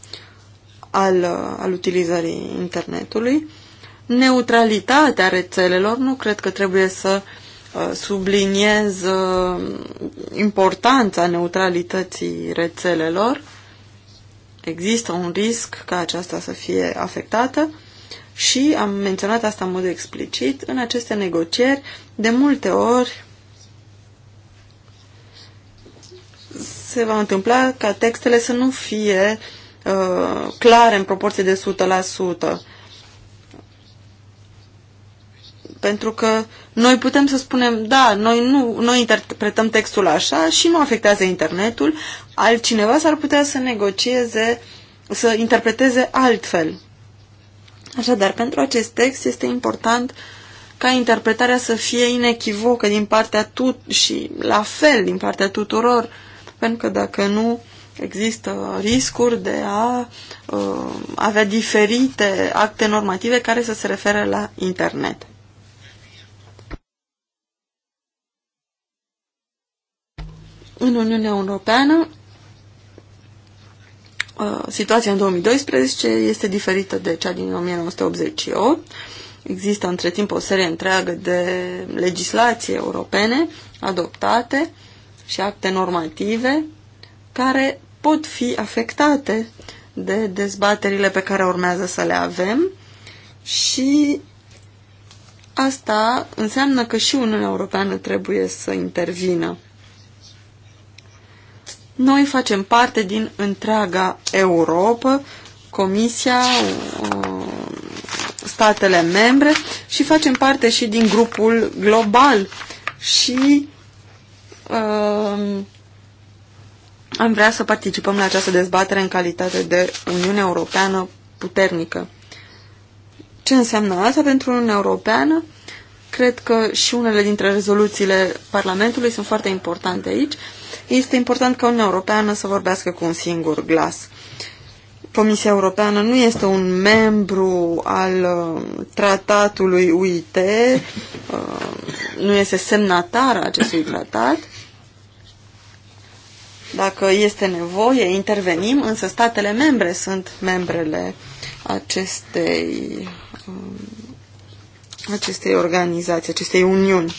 al, uh, al utilizării internetului. Neutralitatea rețelelor nu cred că trebuie să uh, subliniez uh, importanța neutralității rețelelor. Există un risc ca aceasta să fie afectată și am menționat asta în mod explicit în aceste negocieri. De multe ori se va întâmpla ca textele să nu fie uh, clare în proporție de 100%. Pentru că noi putem să spunem, da, noi, nu, noi interpretăm textul așa și nu afectează internetul, altcineva s-ar putea să negocieze, să interpreteze altfel. Așadar, pentru acest text este important ca interpretarea să fie inechivocă din partea tut și la fel din partea tuturor pentru că dacă nu există riscuri de a uh, avea diferite acte normative care să se refere la internet. În Uniunea Europeană, uh, situația în 2012 este diferită de cea din 1988. Există între timp o serie întreagă de legislații europene adoptate uh, și acte normative care pot fi afectate de dezbaterile pe care urmează să le avem și asta înseamnă că și Uniunea Europeană trebuie să intervină. Noi facem parte din întreaga Europa, Comisia, statele membre și facem parte și din grupul global și uh, am vrea să participăm la această dezbatere în calitate de Uniune Europeană puternică. Ce înseamnă asta pentru Uniunea Europeană? Cred că și unele dintre rezoluțiile Parlamentului sunt foarte importante aici. Este important ca Uniunea Europeană să vorbească cu un singur glas. Comisia Europeană nu este un membru al uh, tratatului UIT, uh, nu este semnatar acestui tratat, dacă este nevoie, intervenim, însă statele membre sunt membrele acestei, um, acestei organizații, acestei uniuni.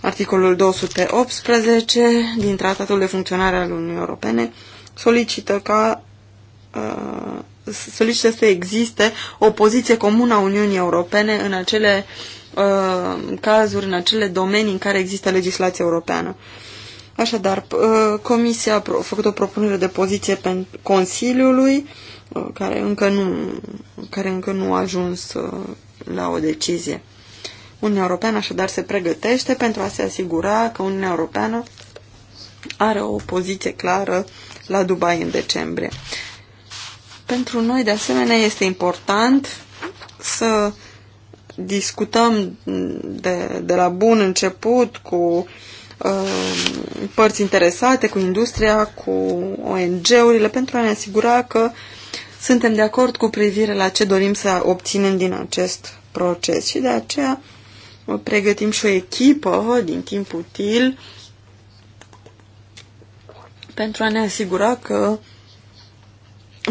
Articolul 218 din Tratatul de Funcționare al Uniunii Europene solicită ca uh, solicită să existe o poziție comună a Uniunii Europene în acele uh, cazuri, în acele domenii în care există legislație europeană. Uh, Așadar, ă, Comisia a făcut o propunere de poziție pentru Consiliului, ă, care încă nu, care încă nu a ajuns ă, la o decizie. Uniunea Europeană așadar se pregătește pentru a se asigura că Uniunea Europeană are o poziție clară la Dubai în decembrie. Pentru noi, de asemenea, este important să discutăm de, de la bun început cu uh, Um, părți interesate, cu industria, cu ONG-urile, pentru a ne asigura că suntem de acord cu privire la ce dorim să obținem din acest proces. Și de aceea pregătim și o echipă din timp util pentru a ne asigura că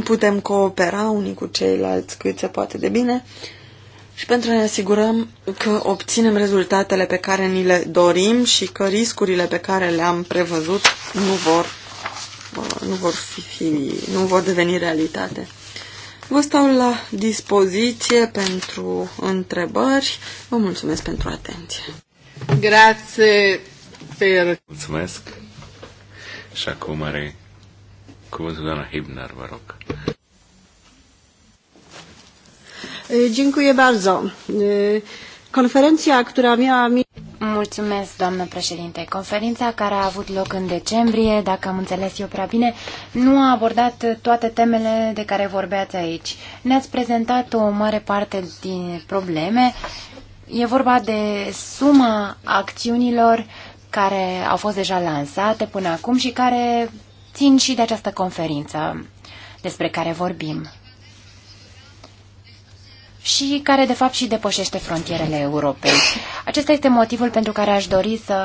putem coopera unii cu ceilalți cât se poate de bine și pentru a ne asigurăm că obținem rezultatele pe care ni le dorim și că riscurile pe care le-am prevăzut nu vor, uh, nu vor, fi, nu vor deveni realitate. Vă stau la dispoziție pentru întrebări. Vă mulțumesc pentru atenție. Grație, per... Mulțumesc. Și acum are cuvântul doamna Hibner, vă rog. Dziękuję bardzo. Conferenția care miała Mulțumesc, doamnă președinte. Conferința care a avut loc în decembrie, dacă am înțeles eu prea bine, nu a abordat toate temele de care vorbeați aici. Ne-ați prezentat o mare parte din probleme. E vorba de suma acțiunilor care au fost deja lansate până acum și care țin și de această conferință despre care vorbim și care de fapt și depășește frontierele Europei. Acesta este motivul pentru care aș dori să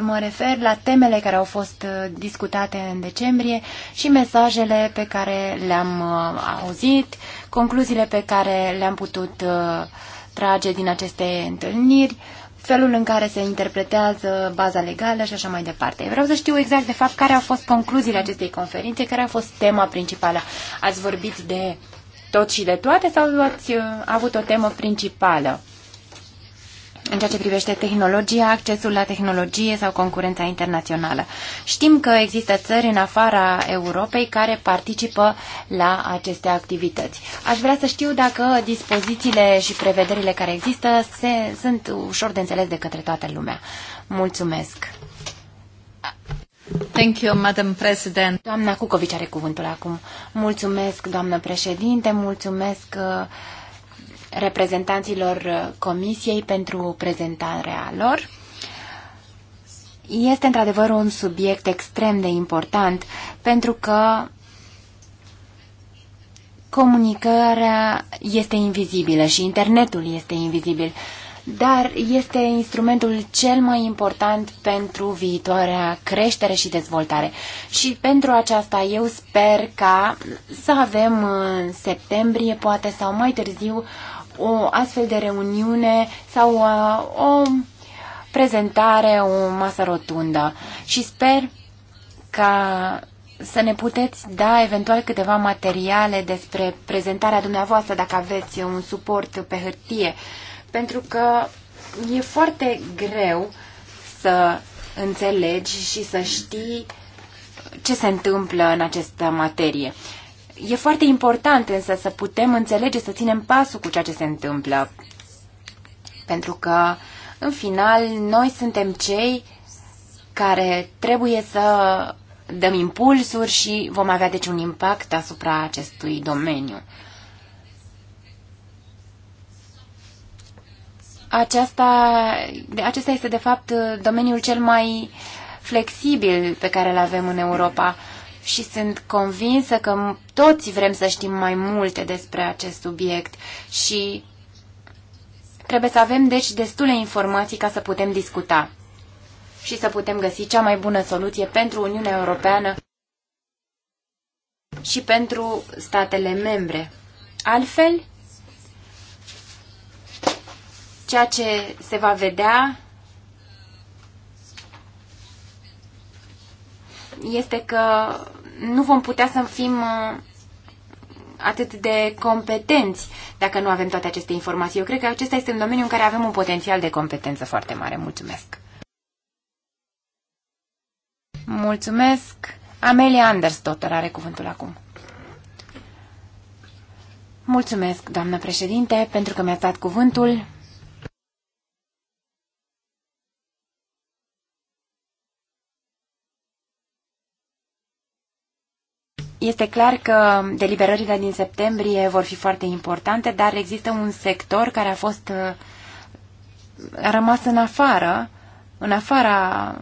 mă refer la temele care au fost uh, discutate în decembrie și mesajele pe care le-am uh, auzit, concluziile pe care le-am putut uh, trage din aceste întâlniri, felul în care se interpretează baza legală și așa mai departe. Vreau să știu exact, de fapt, care au fost concluziile acestei conferințe, care a fost tema principală. Ați vorbit de tot și de toate sau ați uh, avut o temă principală? în ceea ce privește tehnologia, accesul la tehnologie sau concurența internațională. Știm că există țări în afara Europei care participă la aceste activități. Aș vrea să știu dacă dispozițiile și prevederile care există se, sunt ușor de înțeles de către toată lumea. Mulțumesc! Thank you, Madam President. Doamna Cucovici are cuvântul acum. Mulțumesc, doamnă președinte, mulțumesc uh, reprezentanților uh, comisiei pentru prezentarea lor. Este într-adevăr un subiect extrem de important pentru că comunicarea este invizibilă și internetul este invizibil dar este instrumentul cel mai important pentru viitoarea creștere și dezvoltare. Și pentru aceasta eu sper ca să avem uh, în septembrie, poate sau mai târziu, o astfel de reuniune sau uh, o prezentare, o masă rotundă. Și sper ca să ne puteți da eventual câteva materiale despre prezentarea dumneavoastră, dacă aveți un suport pe hârtie pentru că e foarte greu să înțelegi și să știi ce se întâmplă în această materie. E foarte important însă să putem înțelege, să ținem pasul cu ceea ce se întâmplă. Pentru că, în final, noi suntem cei care trebuie să dăm impulsuri și vom avea deci un impact asupra acestui domeniu. aceasta, acesta este de fapt domeniul cel mai flexibil pe care îl avem în Europa și sunt convinsă că toți vrem să știm mai multe despre acest subiect și trebuie să avem deci destule informații ca să putem discuta și să putem găsi cea mai bună soluție pentru Uniunea Europeană și pentru statele membre. Altfel, Ceea ce se va vedea este că nu vom putea să fim uh, atât de competenți dacă nu avem toate aceste informații. Eu cred că acesta este un domeniu în care avem un potențial de competență foarte mare. Mulțumesc! Mulțumesc! Amelia Andersdotter are cuvântul acum. Mulțumesc, doamnă președinte, pentru că mi-ați dat cuvântul. Este clar că deliberările din septembrie vor fi foarte importante, dar există un sector care a fost uh, a rămas în afară, în afara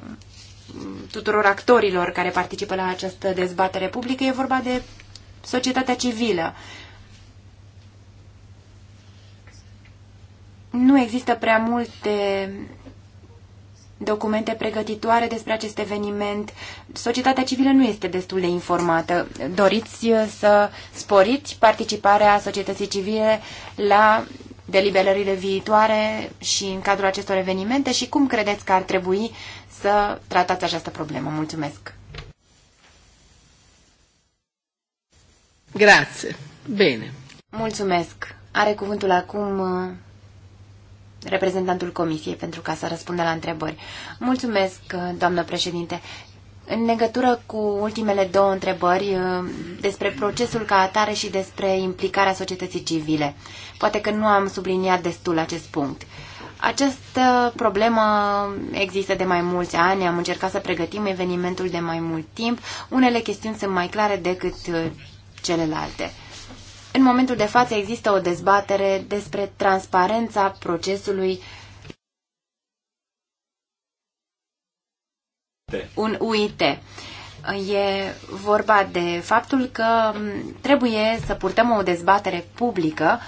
tuturor actorilor care participă la această dezbatere publică. E vorba de societatea civilă. Nu există prea multe documente pregătitoare despre acest eveniment. Societatea civilă nu este destul de informată. Doriți uh, să sporiți participarea societății civile la deliberările viitoare și în cadrul acestor evenimente și cum credeți că ar trebui să tratați această problemă? Mulțumesc! Grazie! Bine! Mulțumesc! Are cuvântul acum uh, reprezentantul Comisiei pentru ca să răspundă la întrebări. Mulțumesc, uh, doamnă președinte. În legătură cu ultimele două întrebări uh, despre procesul ca atare și despre implicarea societății civile, poate că nu am subliniat destul acest punct. Această problemă există de mai mulți ani, am încercat să pregătim evenimentul de mai mult timp, unele chestiuni sunt mai clare decât uh, celelalte. În momentul de față există o dezbatere despre transparența procesului un UIT. E vorba de faptul că trebuie să purtăm o dezbatere publică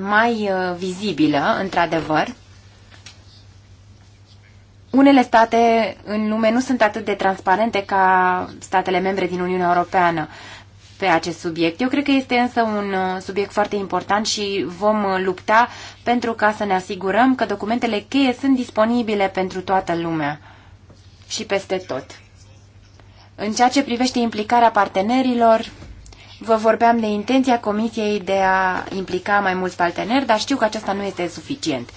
mai uh, vizibilă, într-adevăr. Unele state în lume nu sunt atât de transparente ca statele membre din Uniunea Europeană pe acest subiect. Eu cred că este însă un uh, subiect foarte important și vom uh, lupta pentru ca să ne asigurăm că documentele cheie sunt disponibile pentru toată lumea și peste tot. În ceea ce privește implicarea partenerilor, vă vorbeam de intenția Comisiei de a implica mai mulți parteneri, dar știu că aceasta nu este suficient.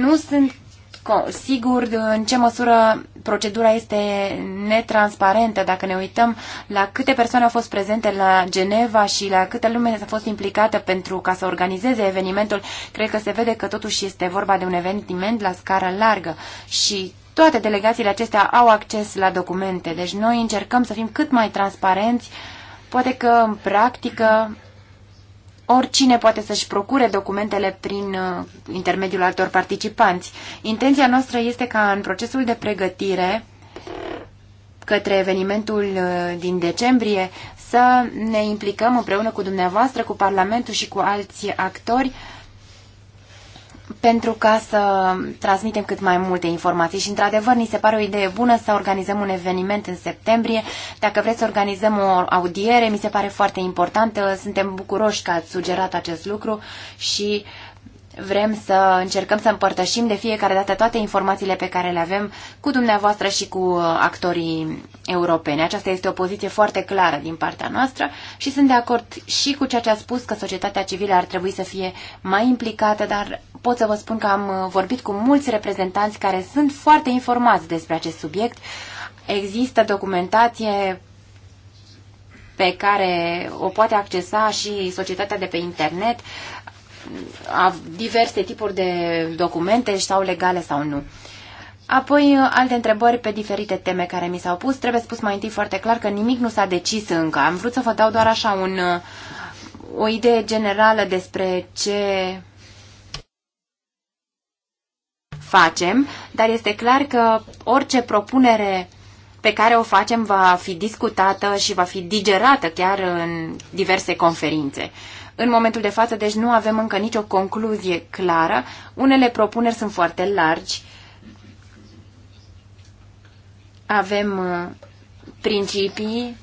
Nu sunt sigur în ce măsură procedura este netransparentă. Dacă ne uităm la câte persoane au fost prezente la Geneva și la câte lume a fost implicată pentru ca să organizeze evenimentul, cred că se vede că totuși este vorba de un eveniment la scară largă și toate delegațiile acestea au acces la documente. Deci noi încercăm să fim cât mai transparenți. Poate că în practică oricine poate să-și procure documentele prin uh, intermediul altor participanți. Intenția noastră este ca în procesul de pregătire către evenimentul uh, din decembrie să ne implicăm împreună cu dumneavoastră, cu Parlamentul și cu alți actori pentru ca să transmitem cât mai multe informații și, într-adevăr, ni se pare o idee bună să organizăm un eveniment în septembrie. Dacă vreți să organizăm o audiere, mi se pare foarte importantă. Suntem bucuroși că ați sugerat acest lucru și uh, vrem să încercăm să împărtășim de fiecare dată toate informațiile pe care le avem cu dumneavoastră și cu uh, actorii europeni. Aceasta este o poziție foarte clară din partea noastră și sunt de acord și cu ceea ce a spus că societatea civilă ar trebui să fie mai implicată, dar pot să vă spun că am uh, vorbit cu mulți reprezentanți care sunt foarte informați despre acest subiect. Există documentație pe care o poate accesa și societatea de pe internet diverse tipuri de documente sau legale sau nu. Apoi, uh, alte întrebări pe diferite teme care mi s-au pus. Trebuie spus mai întâi foarte clar că nimic nu s-a decis încă. Am vrut să vă dau doar așa un, uh, o idee generală despre ce facem, dar este clar că orice propunere pe care o facem va fi discutată și va fi digerată chiar în diverse conferințe în momentul de față, deci nu avem încă nicio concluzie clară. Unele propuneri sunt foarte largi. Avem uh, principii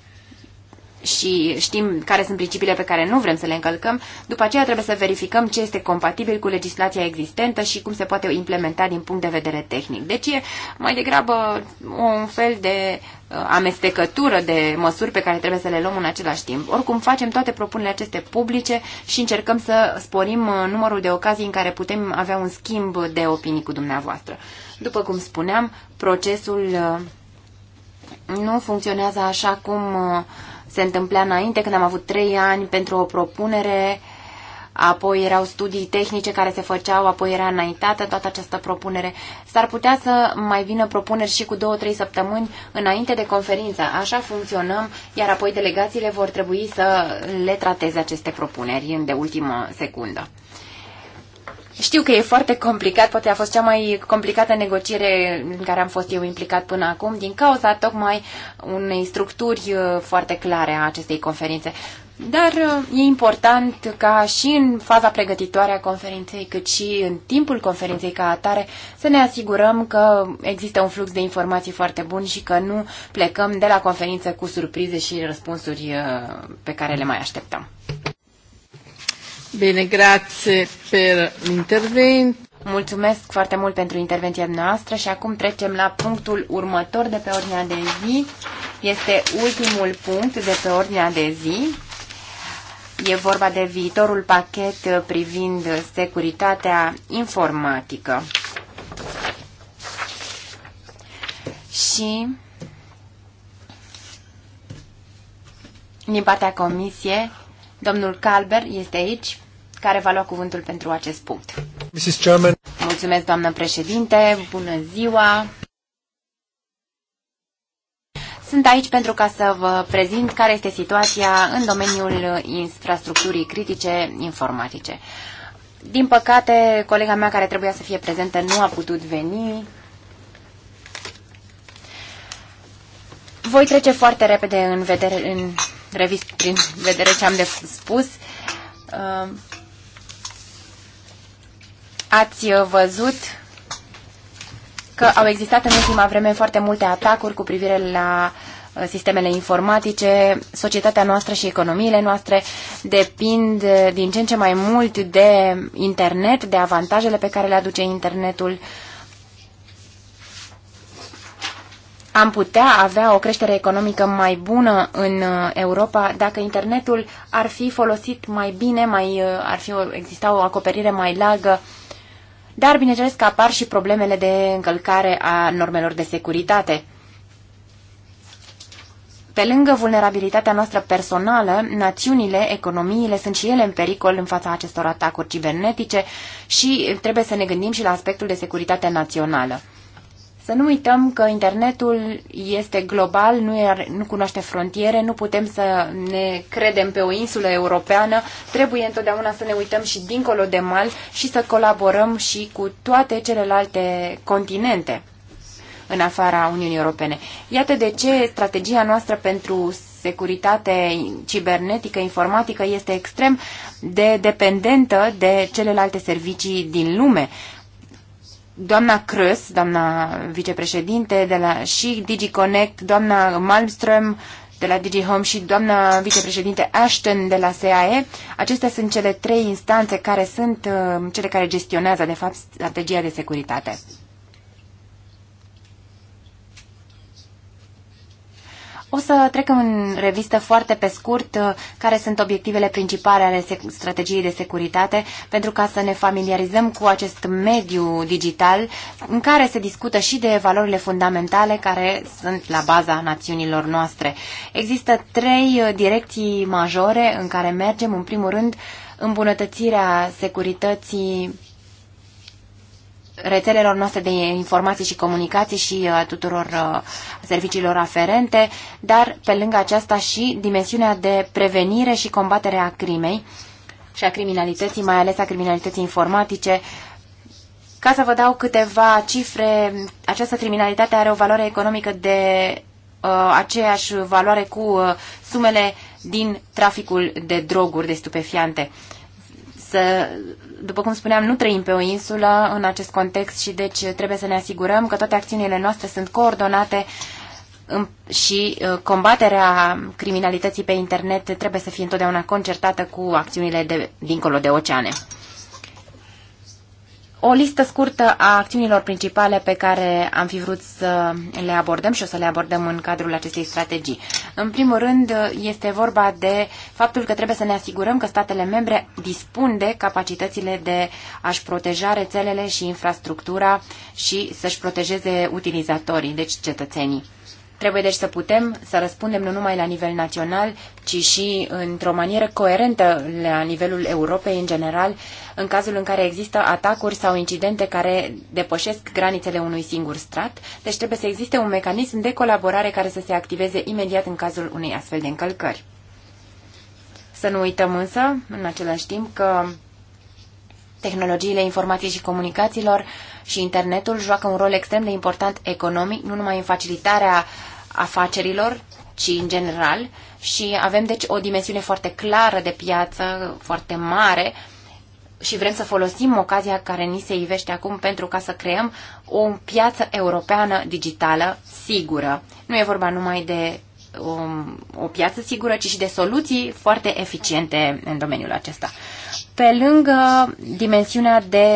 și știm care sunt principiile pe care nu vrem să le încălcăm, după aceea trebuie să verificăm ce este compatibil cu legislația existentă și cum se poate implementa din punct de vedere tehnic. Deci e mai degrabă un fel de amestecătură de măsuri pe care trebuie să le luăm în același timp. Oricum, facem toate propunerile aceste publice și încercăm să sporim uh, numărul de ocazii în care putem avea un schimb de opinii cu dumneavoastră. După cum spuneam, procesul uh, nu funcționează așa cum uh, se întâmplea înainte, când am avut trei ani pentru o propunere uh, apoi erau studii tehnice care se făceau, apoi era înaintată toată această propunere. S-ar putea să mai vină propuneri și cu două, trei săptămâni înainte de conferință. Așa funcționăm, iar apoi delegațiile vor trebui să le trateze aceste propuneri de ultimă secundă. Știu că e foarte complicat, poate a fost cea mai complicată negociere în care am fost eu implicat până acum, din cauza tocmai unei structuri uh, foarte clare a acestei conferințe. Dar uh, e important ca și în faza pregătitoare a conferinței, cât și în timpul conferinței ca atare, să ne asigurăm că există un flux de informații foarte bun și că nu plecăm de la conferință cu surprize și răspunsuri uh, pe care le mai așteptăm. Bine, grație per intervent. Mulțumesc foarte mult pentru intervenția noastră și acum trecem la punctul următor de pe ordinea de zi. Este ultimul punct de pe ordinea de zi E vorba de viitorul pachet privind securitatea informatică. Și din partea comisie, domnul Calber este aici, care va lua cuvântul pentru acest punct. Mrs. Chairman. Mulțumesc, doamnă președinte, bună ziua! Sunt aici pentru ca să vă prezint care este situația în domeniul infrastructurii critice informatice. Din păcate, colega mea care trebuia să fie prezentă nu a putut veni. Voi trece foarte repede în, vedere, în revist, prin vedere ce am de spus. Uh, ați văzut că au existat în ultima vreme foarte multe atacuri cu privire la uh, sistemele informatice, societatea noastră și economiile noastre depind uh, din ce în ce mai mult de internet, de avantajele pe care le aduce internetul. Am putea avea o creștere economică mai bună în uh, Europa dacă internetul ar fi folosit mai bine, mai, ar fi exista o acoperire mai largă dar bineînțeles că apar și problemele de încălcare a normelor de securitate. Pe lângă vulnerabilitatea noastră personală, națiunile, economiile sunt și ele în pericol în fața acestor atacuri cibernetice și trebuie să ne gândim și la aspectul de securitate națională. Să nu uităm că internetul este global, nu, e, nu cunoaște frontiere, nu putem să ne credem pe o insulă europeană, trebuie întotdeauna să ne uităm și dincolo de mal și să colaborăm și cu toate celelalte continente în afara Uniunii Europene. Iată de ce strategia noastră pentru securitate cibernetică, informatică este extrem de dependentă de celelalte servicii din lume doamna Crăs, doamna vicepreședinte de la și DigiConnect, doamna Malmström de la DigiHome și doamna vicepreședinte Ashton de la SAE. Acestea sunt cele trei instanțe care sunt uh, cele care gestionează, de fapt, strategia de securitate. O să trecem în revistă foarte pe scurt uh, care sunt obiectivele principale ale strategiei de securitate pentru ca să ne familiarizăm cu acest mediu digital în care se discută și de valorile fundamentale care sunt la baza națiunilor noastre. Există trei uh, direcții majore în care mergem. În primul rând, îmbunătățirea securității rețelelor noastre de informații și comunicații și a uh, tuturor uh, serviciilor aferente, dar pe lângă aceasta și dimensiunea de prevenire și combatere a crimei și a criminalității, mai ales a criminalității informatice. Ca să vă dau câteva cifre, această criminalitate are o valoare economică de uh, aceeași valoare cu uh, sumele din traficul de droguri, de stupefiante. Uh, Însă, după cum spuneam, nu trăim pe o insulă în acest context și deci trebuie să ne asigurăm că toate acțiunile noastre sunt coordonate și uh, combaterea criminalității pe internet trebuie să fie întotdeauna concertată cu acțiunile de, dincolo de oceane. O listă scurtă a acțiunilor principale pe care am fi vrut să le abordăm și o să le abordăm în cadrul acestei strategii. În primul rând, este vorba de faptul că trebuie să ne asigurăm că statele membre dispun de capacitățile de a-și proteja rețelele și infrastructura și să-și protejeze utilizatorii, deci cetățenii. Trebuie deci să putem să răspundem nu numai la nivel național, ci și într-o manieră coerentă la nivelul Europei în general, în cazul în care există atacuri sau incidente care depășesc granițele unui singur strat. Deci trebuie să existe un mecanism de colaborare care să se activeze imediat în cazul unei astfel de încălcări. Să nu uităm însă, în același timp, că tehnologiile informației și comunicațiilor și internetul joacă un rol extrem de important economic, nu numai în facilitarea afacerilor, ci în general. Și avem deci o dimensiune foarte clară de piață, foarte mare, și vrem să folosim ocazia care ni se ivește acum pentru ca să creăm o piață europeană digitală sigură. Nu e vorba numai de o, um, o piață sigură, ci și de soluții foarte eficiente în domeniul acesta. Pe lângă dimensiunea de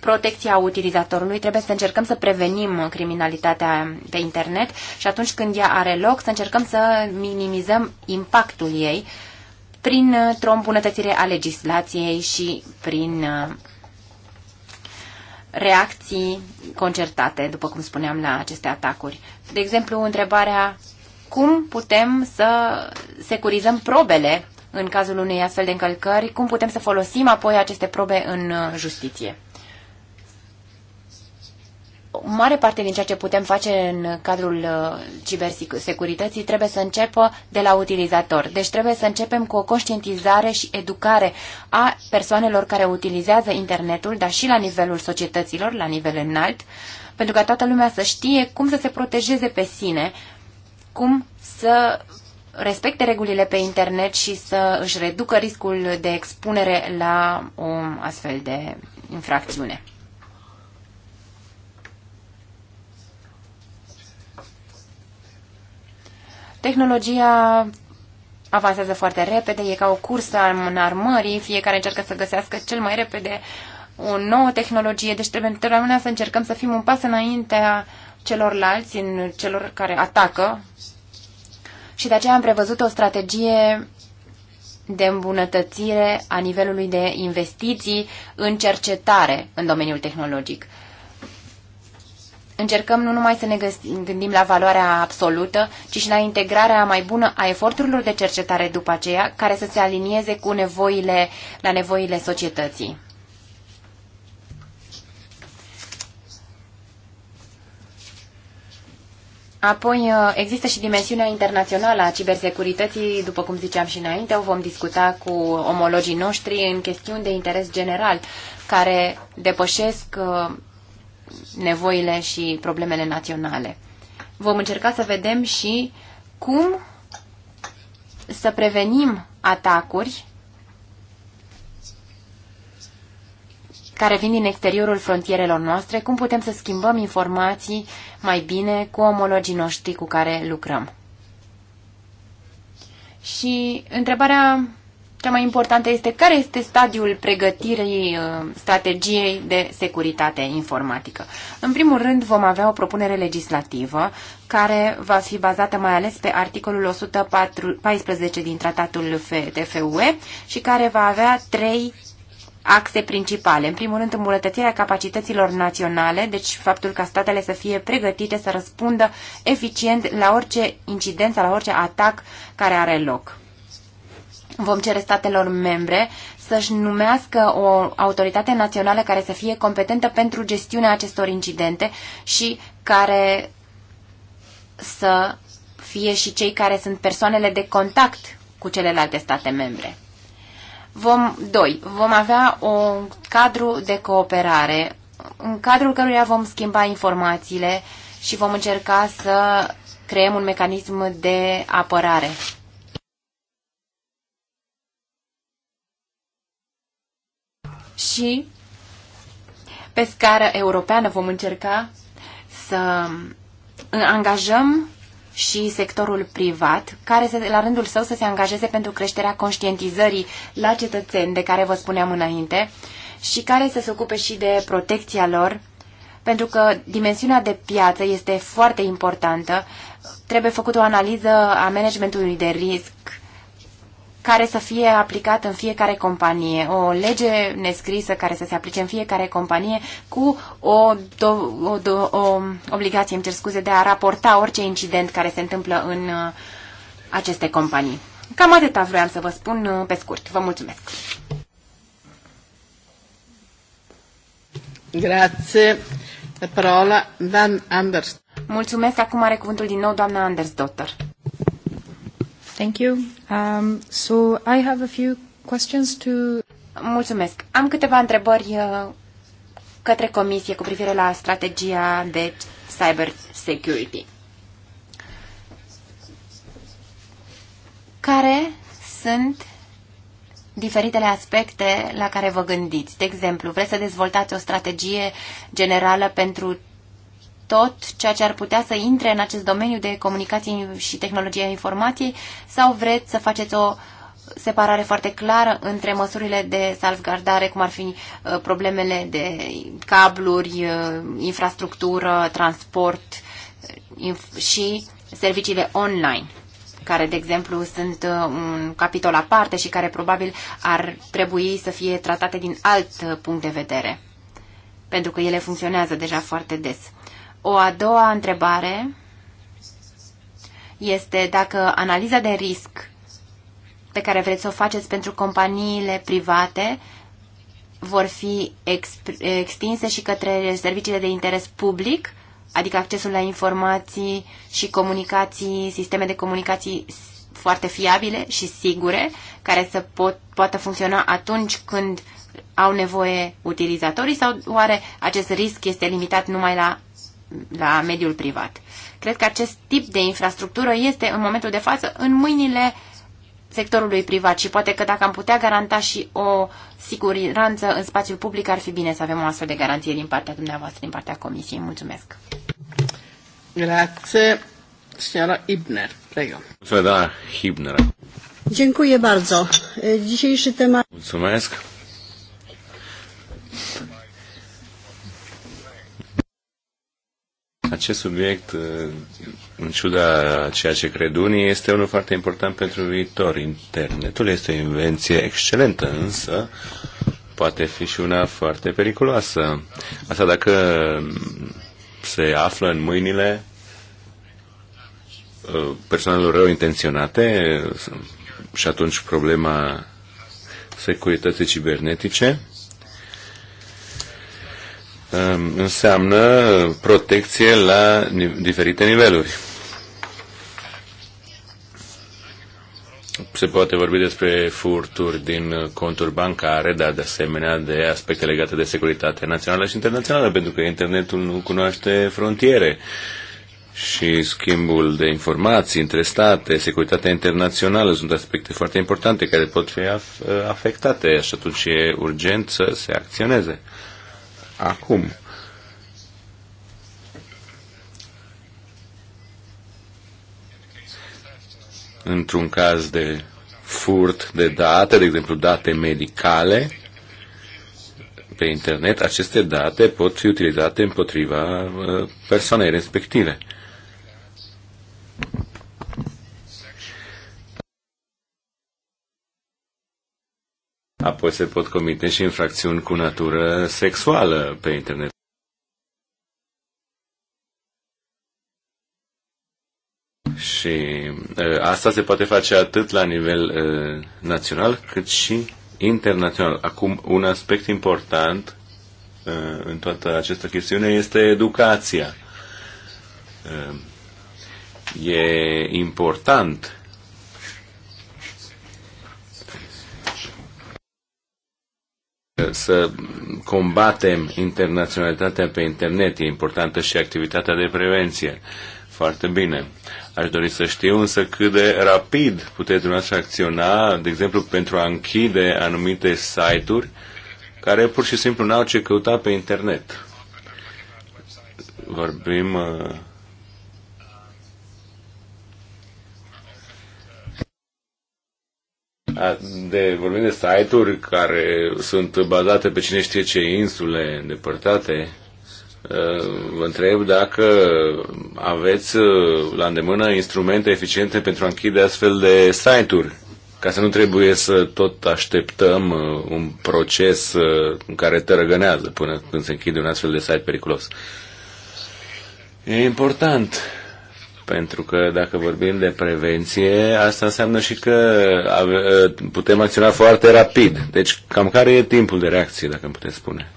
protecția utilizatorului, trebuie să încercăm să prevenim criminalitatea pe internet și atunci când ea are loc, să încercăm să minimizăm impactul ei prin o îmbunătățire a legislației și prin uh, reacții concertate, după cum spuneam, la aceste atacuri. De exemplu, întrebarea cum putem să securizăm probele în cazul unei astfel de încălcări, cum putem să folosim apoi aceste probe în uh, justiție. O mare parte din ceea ce putem face în cadrul uh, cibersecurității trebuie să înceapă de la utilizator. Deci trebuie să începem cu o conștientizare și educare a persoanelor care utilizează internetul, dar și la nivelul societăților, la nivel înalt, pentru ca toată lumea să știe cum să se protejeze pe sine, cum să respecte regulile pe internet și să își reducă riscul de expunere la o astfel de infracțiune. Tehnologia avansează foarte repede, e ca o cursă în armării, fiecare încearcă să găsească cel mai repede o nouă tehnologie, deci trebuie întotdeauna să încercăm să fim un pas înaintea celorlalți, în celor care atacă și de aceea am prevăzut o strategie de îmbunătățire a nivelului de investiții în cercetare în domeniul tehnologic. Încercăm nu numai să ne gândim la valoarea absolută, ci și la integrarea mai bună a eforturilor de cercetare după aceea, care să se alinieze cu nevoile, la nevoile societății. Apoi uh, există și dimensiunea internațională a cibersecurității, după cum ziceam și înainte, o vom discuta cu omologii noștri în chestiuni de interes general, care depășesc uh, nevoile și problemele naționale. Vom încerca să vedem și cum să prevenim atacuri care vin din exteriorul frontierelor noastre, cum putem să schimbăm informații mai bine cu omologii noștri cu care lucrăm. Și întrebarea cea mai importantă este care este stadiul pregătirii uh, strategiei de securitate informatică. În primul rând vom avea o propunere legislativă care va fi bazată mai ales pe articolul 114 din tratatul TFUE și care va avea trei axe principale. În primul rând, îmbunătățirea capacităților naționale, deci faptul ca statele să fie pregătite să răspundă eficient la orice incident la orice atac care are loc. Vom cere statelor membre să-și numească o autoritate națională care să fie competentă pentru gestiunea acestor incidente și care să fie și cei care sunt persoanele de contact cu celelalte state membre. Vom, doi, vom avea un cadru de cooperare în cadrul căruia vom schimba informațiile și vom încerca să creăm un mecanism de apărare. Și pe scară europeană vom încerca să angajăm și sectorul privat, care se, la rândul său să se angajeze pentru creșterea conștientizării la cetățeni, de care vă spuneam înainte, și care să se ocupe și de protecția lor, pentru că dimensiunea de piață este foarte importantă. Trebuie făcut o analiză a managementului de risc care să fie aplicat în fiecare companie, o lege nescrisă care să se aplice în fiecare companie cu o, do, o, do, o obligație, îmi cer scuze, de a raporta orice incident care se întâmplă în uh, aceste companii. Cam atâta vreau să vă spun uh, pe scurt. Vă mulțumesc! Grazie. Parola Dan Anders. Mulțumesc. Acum are cuvântul din nou doamna Anders doctor. Thank you. Um, so I have a few questions to... Mulțumesc. Am câteva întrebări uh, către comisie cu privire la strategia de cyber security. Care sunt diferitele aspecte la care vă gândiți? De exemplu, vreți să dezvoltați o strategie generală pentru tot ceea ce ar putea să intre în acest domeniu de comunicații și tehnologia informației sau vreți să faceți o separare foarte clară între măsurile de salvgardare, cum ar fi uh, problemele de cabluri, uh, infrastructură, transport uh, și serviciile online care, de exemplu, sunt un capitol aparte și care probabil ar trebui să fie tratate din alt punct de vedere, pentru că ele funcționează deja foarte des. O a doua întrebare este dacă analiza de risc pe care vreți să o faceți pentru companiile private vor fi extinse și către serviciile de interes public, adică accesul la informații și comunicații, sisteme de comunicații foarte fiabile și sigure, care să pot, poată funcționa atunci când au nevoie utilizatorii sau oare acest risc este limitat numai la la mediul privat. Cred că acest tip de infrastructură este în momentul de față în mâinile sectorului privat și poate că dacă am putea garanta și o siguranță în spațiul public, ar fi bine să avem o astfel de garanție din partea dumneavoastră, din partea Comisiei. Mulțumesc! Grazie, signora Ibner. Prego. Da, Ibner. Dziękuję bardzo. Dzisiejszy temat... Mulțumesc! Acest subiect, uh, în ciuda ceea ce cred unii, este unul foarte important pentru viitor. Internetul este o invenție excelentă, însă poate fi și una foarte periculoasă. Asta dacă se află în mâinile uh, persoanelor rău intenționate uh, și atunci problema securității cibernetice Ehm, înseamnă protecție la diferite niveluri. Se poate vorbi despre furturi din conturi bancare, dar de asemenea de aspecte legate de securitate națională și internațională, pentru că internetul nu cunoaște frontiere și schimbul de informații între state, securitatea internațională sunt aspecte foarte importante care pot fi afectate și atunci e urgent să se acționeze acum. Într-un caz de furt de date, de exemplu date medicale, pe internet, aceste date pot fi utilizate împotriva uh, persoanei respective. Apoi se pot comite și infracțiuni cu natură sexuală pe internet. Și uh, asta se poate face atât la nivel uh, național cât și internațional. Acum, un aspect important uh, în toată această chestiune este educația. Uh, e important să combatem internaționalitatea pe internet. E importantă și activitatea de prevenție. Foarte bine. Aș dori să știu însă cât de rapid puteți dumneavoastră acționa, de exemplu, pentru a închide anumite site-uri care pur și simplu n-au ce căuta pe internet. Vorbim uh, de, vorbim de site-uri care sunt bazate pe cine știe ce insule îndepărtate, vă întreb dacă aveți la îndemână instrumente eficiente pentru a închide astfel de site-uri, ca să nu trebuie să tot așteptăm un proces în care tărăgânează până când se închide un astfel de site periculos. E important pentru că dacă vorbim de prevenție, asta înseamnă și că putem acționa foarte rapid. Deci cam care e timpul de reacție, dacă îmi puteți spune?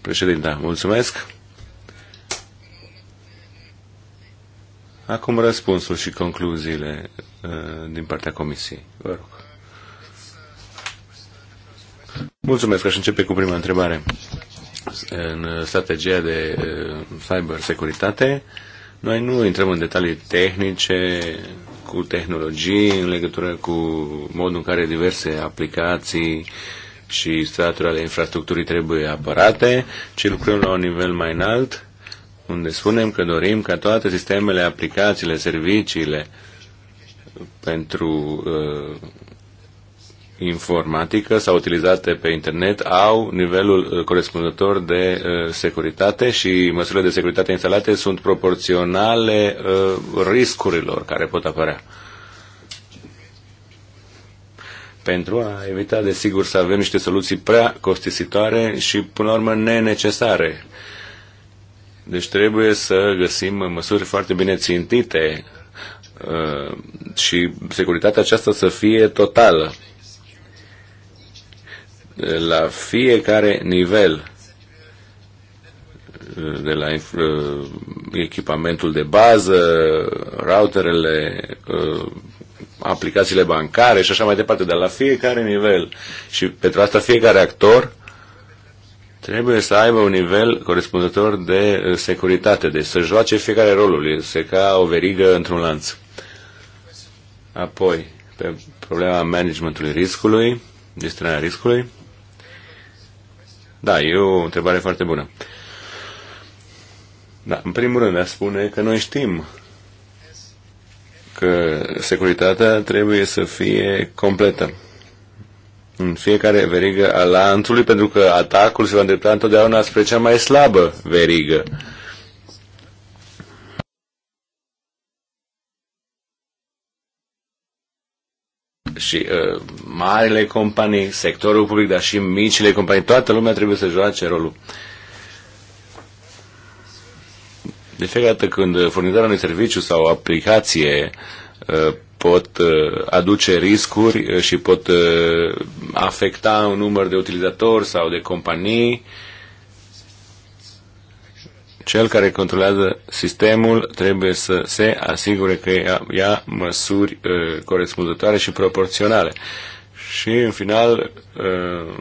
Președinte, mulțumesc. Acum răspunsul și concluziile uh, din partea comisiei. Vă rog. Mulțumesc. Aș începe cu prima întrebare. În strategia de uh, cyber securitate, noi nu intrăm în detalii tehnice, cu tehnologii, în legătură cu modul în care diverse aplicații și straturi ale infrastructurii trebuie apărate, ci lucrăm la un nivel mai înalt, unde spunem că dorim ca toate sistemele, aplicațiile, serviciile pentru uh, informatică sau utilizate pe internet au nivelul uh, corespunzător de uh, securitate și măsurile de securitate instalate sunt proporționale uh, riscurilor care pot apărea. Pentru a evita, desigur, să avem niște soluții prea costisitoare și, până la urmă, nenecesare. Deci trebuie să găsim măsuri foarte bine țintite și securitatea aceasta să fie totală la fiecare nivel de la eh, echipamentul de bază, routerele, eh, aplicațiile bancare și așa mai departe, dar la fiecare nivel. Și pentru asta fiecare actor trebuie să aibă un nivel corespunzător de eh, securitate, de să joace fiecare rolul, este ca o verigă într-un lanț. Apoi, pe problema managementului riscului, gestionarea riscului, da, e o întrebare foarte bună. Da, în primul rând, a spune că noi știm că securitatea trebuie să fie completă în fiecare verigă a lanțului, pentru că atacul se va îndrepta întotdeauna spre cea mai slabă verigă. și uh, marile companii, sectorul public, dar și micile companii, toată lumea trebuie să joace rolul. De fiecare dată când furnizarea unui serviciu sau o aplicație uh, pot uh, aduce riscuri uh, și pot uh, afecta un număr de utilizatori sau de companii, uh, cel care controlează sistemul trebuie să se asigure că ia, măsuri uh, corespunzătoare și proporționale. Și în final uh,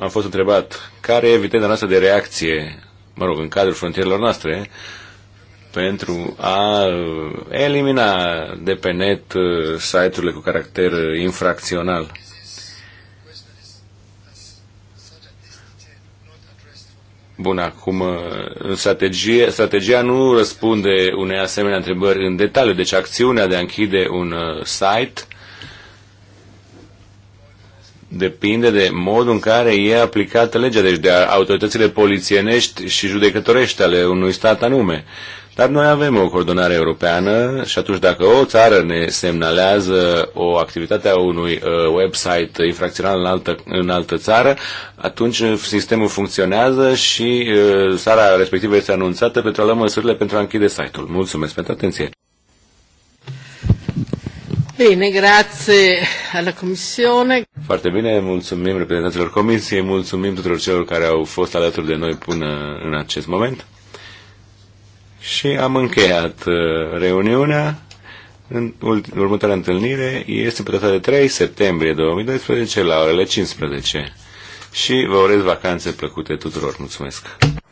am fost întrebat care e viteza noastră de reacție, mă rog, în cadrul frontierelor noastre, pentru a uh, elimina de pe net uh, site-urile cu caracter uh, infracțional. Bun, acum uh, strategie, strategia nu răspunde unei asemenea întrebări în detaliu, deci acțiunea de a închide un uh, site depinde de modul în care e aplicată legea, deci de autoritățile polițienești și judecătorești ale unui stat anume. Dar noi avem o coordonare europeană și atunci dacă o țară ne semnalează o activitate a unui uh, website infracțional în altă, în altă țară, atunci sistemul funcționează și uh, țara respectivă este anunțată pentru a lua măsurile pentru a închide site-ul. Mulțumesc pentru atenție! Bine, grazie alla Commissione. Foarte bine, mulțumim reprezentanților Comisiei, mulțumim tuturor celor care au fost alături de noi până în acest moment. Și am încheiat uh, reuniunea. În următoarea întâlnire este pe data de 3 septembrie 2012 la orele 15. Și vă urez vacanțe plăcute tuturor. Mulțumesc!